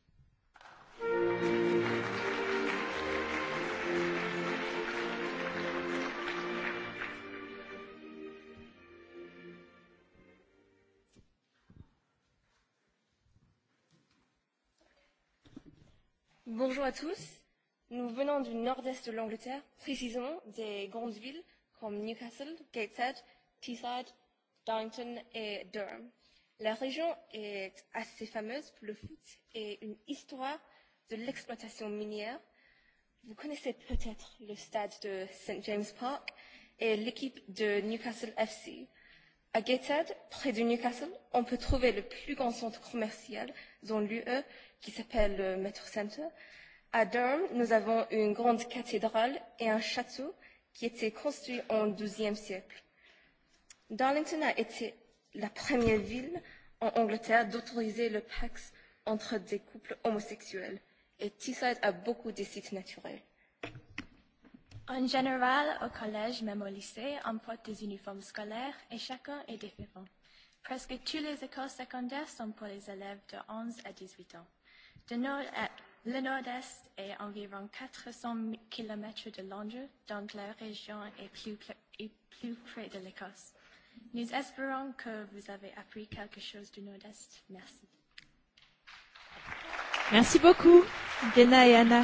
Bonjour à tous. Nous venons du nord-est de l'Angleterre, précisément des grandes villes comme Newcastle, Gateshead, Teesside, Darlington et Durham. La région est assez fameuse pour le foot et une histoire de l'exploitation minière. Vous connaissez peut-être le stade de St James Park et l'équipe de Newcastle FC À Gateshead, près de Newcastle, on peut trouver le plus grand centre commercial dans l'UE qui s'appelle le Metro Center. À Durham, nous avons une grande cathédrale et un château qui étaient construits au XIIe siècle. Darlington a été la première ville en Angleterre d'autoriser le PAX entre des couples homosexuels et Teesside a beaucoup de sites naturels. En général, au collège, même au lycée, on porte des uniformes scolaires et chacun est différent. Presque toutes les écoles secondaires sont pour les élèves de 11 à 18 ans. le nord-est est environ 400 km de Londres, donc la région est plus, est plus près de l'Écosse. Nous espérons que vous avez appris quelque chose du nord-est. Merci. Merci beaucoup, Dena et Anna.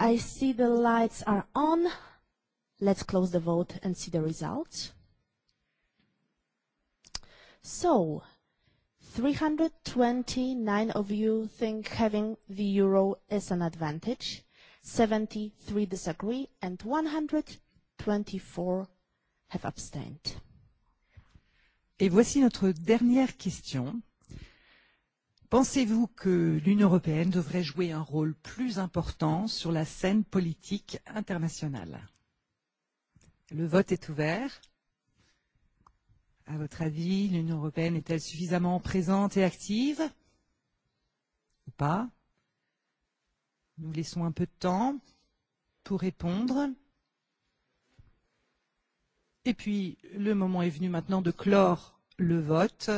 I see the lights are on. Let's close the vote and see the results. So, 329 of you think having the euro is an advantage, 73 disagree, and 124 have abstained. Et voici notre dernière question Pensez-vous que l'Union européenne devrait jouer un rôle plus important sur la scène politique internationale Le vote est ouvert. À votre avis, l'Union européenne est-elle suffisamment présente et active Ou pas Nous laissons un peu de temps pour répondre. Et puis, le moment est venu maintenant de clore le vote.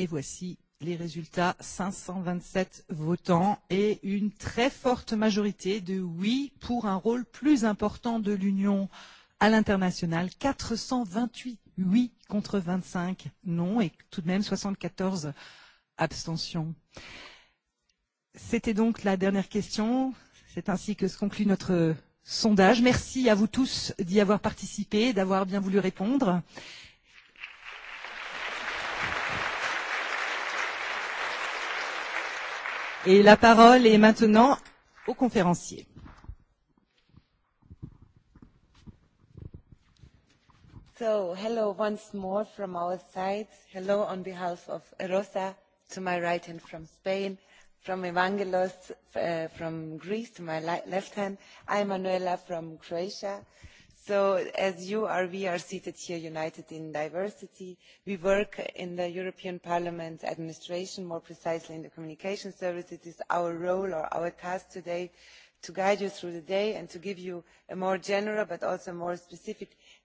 Et voici les résultats. 527 votants et une très forte majorité de oui pour un rôle plus important de l'Union à l'international. 428 oui contre 25 non et tout de même 74 abstentions. C'était donc la dernière question. C'est ainsi que se conclut notre sondage. Merci à vous tous d'y avoir participé, d'avoir bien voulu répondre. Et la parole est maintenant au conférencier. So, hello once more from our side. Hello on behalf of Rosa to my right hand from Spain, from Evangelos from Greece to my left hand. I'm Manuela from Croatia So as you are, we are seated here united in diversity. We work in the European Parliament administration, more precisely in the communication service. It is our role or our task today to guide you through the day and to give you a more general but also more specific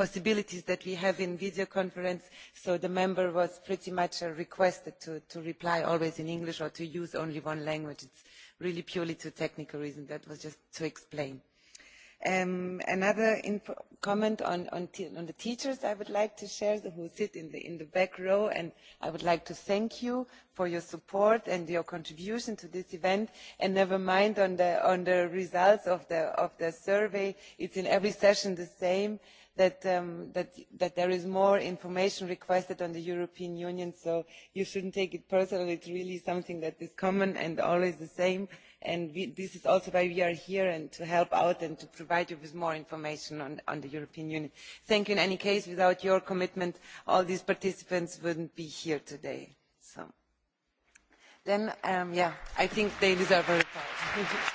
possibilities that we have in video conference, so the member was pretty much requested to reply always in English or to use only one language. It's really purely to technical reasons. That was just to explain. Another comment on the teachers I would like to share who sit in the back row and I would like to thank you for your support and your contribution to this event and never mind on the results of the survey. It's in every session the same that there is more information requested on the European Union, so you shouldn't take it personally. It's really something that is common and always the same, and this is also why we are here and to help out and to provide you with more information on the European Union. Thank you. In any case, without your commitment, all these participants wouldn't be here today. then, yeah, I think they deserve a report.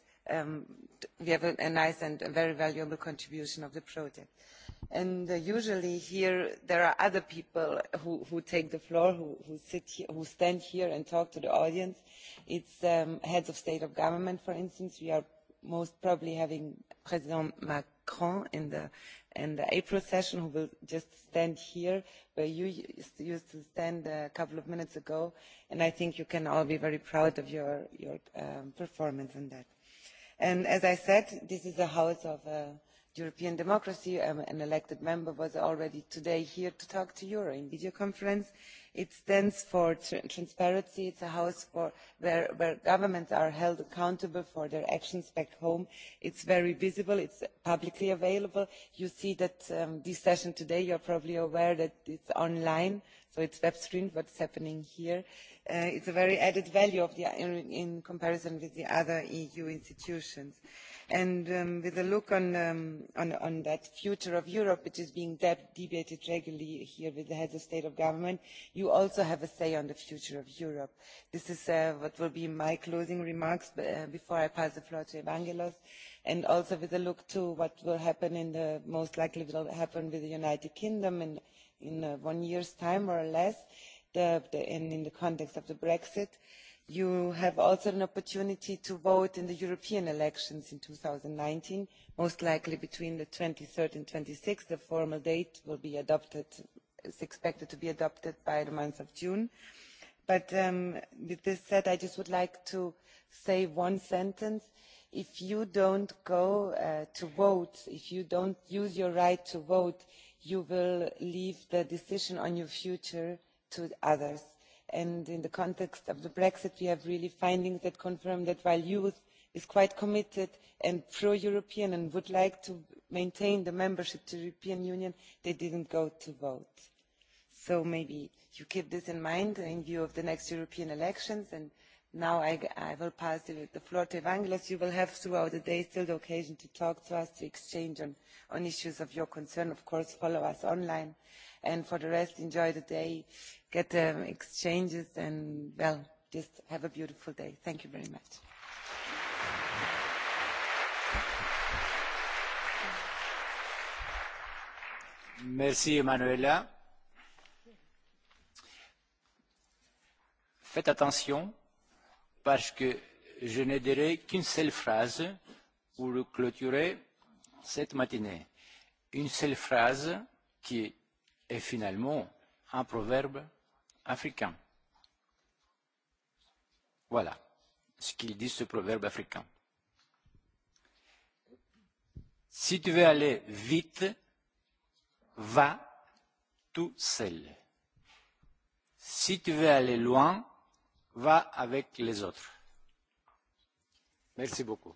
we have a nice and very valuable contribution of the project. And usually here there are other people who who take the floor, who who sit here who stand here and talk to the audience. It's heads of state of government, for instance. We are most probably having President Macron in the in the April session who will just stand here where you used to stand a couple of minutes ago and I think you can all be very proud of your your performance in that as I said, this is a house of European democracy. An elected member was already today here to talk to you in video conference. It stands for transparency. It's a house where governments are held accountable for their actions back home. It's very visible. It's publicly available. You see that this session today, you are probably aware that it's online, so it's web streamed what's happening here It's a very added value in comparison with the other EU institutions. And with a look on that future of Europe, which is being debated regularly here with the heads of state of government, you also have a say on the future of Europe. This is what will be my closing remarks before I pass the floor to Evangelos, and also with a look to what will happen in the most likely will happen with the United Kingdom in one year's time or less in the context of the Brexit. You have also an opportunity to vote in the European elections in 2019, most likely between the 23rd and 26th. The formal date will be adopted, is expected to be adopted by the month of June. But with this said, I just would like to say one sentence. If you don't go to vote, if you don't use your right to vote, you will leave the decision on your future to others. And in the context of the Brexit, we have really findings that confirm that while youth is quite committed and pro-European and would like to maintain the membership to the European Union, they didn't go to vote. So maybe you keep this in mind in view of the next European elections. And now I, I will pass the floor to Evangelos. You will have throughout the day still the occasion to talk to us, to exchange on, on issues of your concern. Of course, follow us online and for the rest enjoy the day get the exchanges and well just have a beautiful day thank you very much Merci Emanuela. Faites attention parce que je ne dirai qu'une seule phrase pour clôturer cette matinée. Une seule phrase qui est est finalement un proverbe africain. Voilà ce qu'il dit ce proverbe africain. Si tu veux aller vite, va tout seul. Si tu veux aller loin, va avec les autres. Merci beaucoup.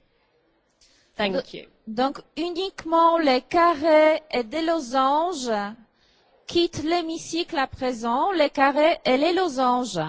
Thank you. Donc uniquement les carrés et des losanges quittent l'hémicycle à présent, les carrés et les losanges.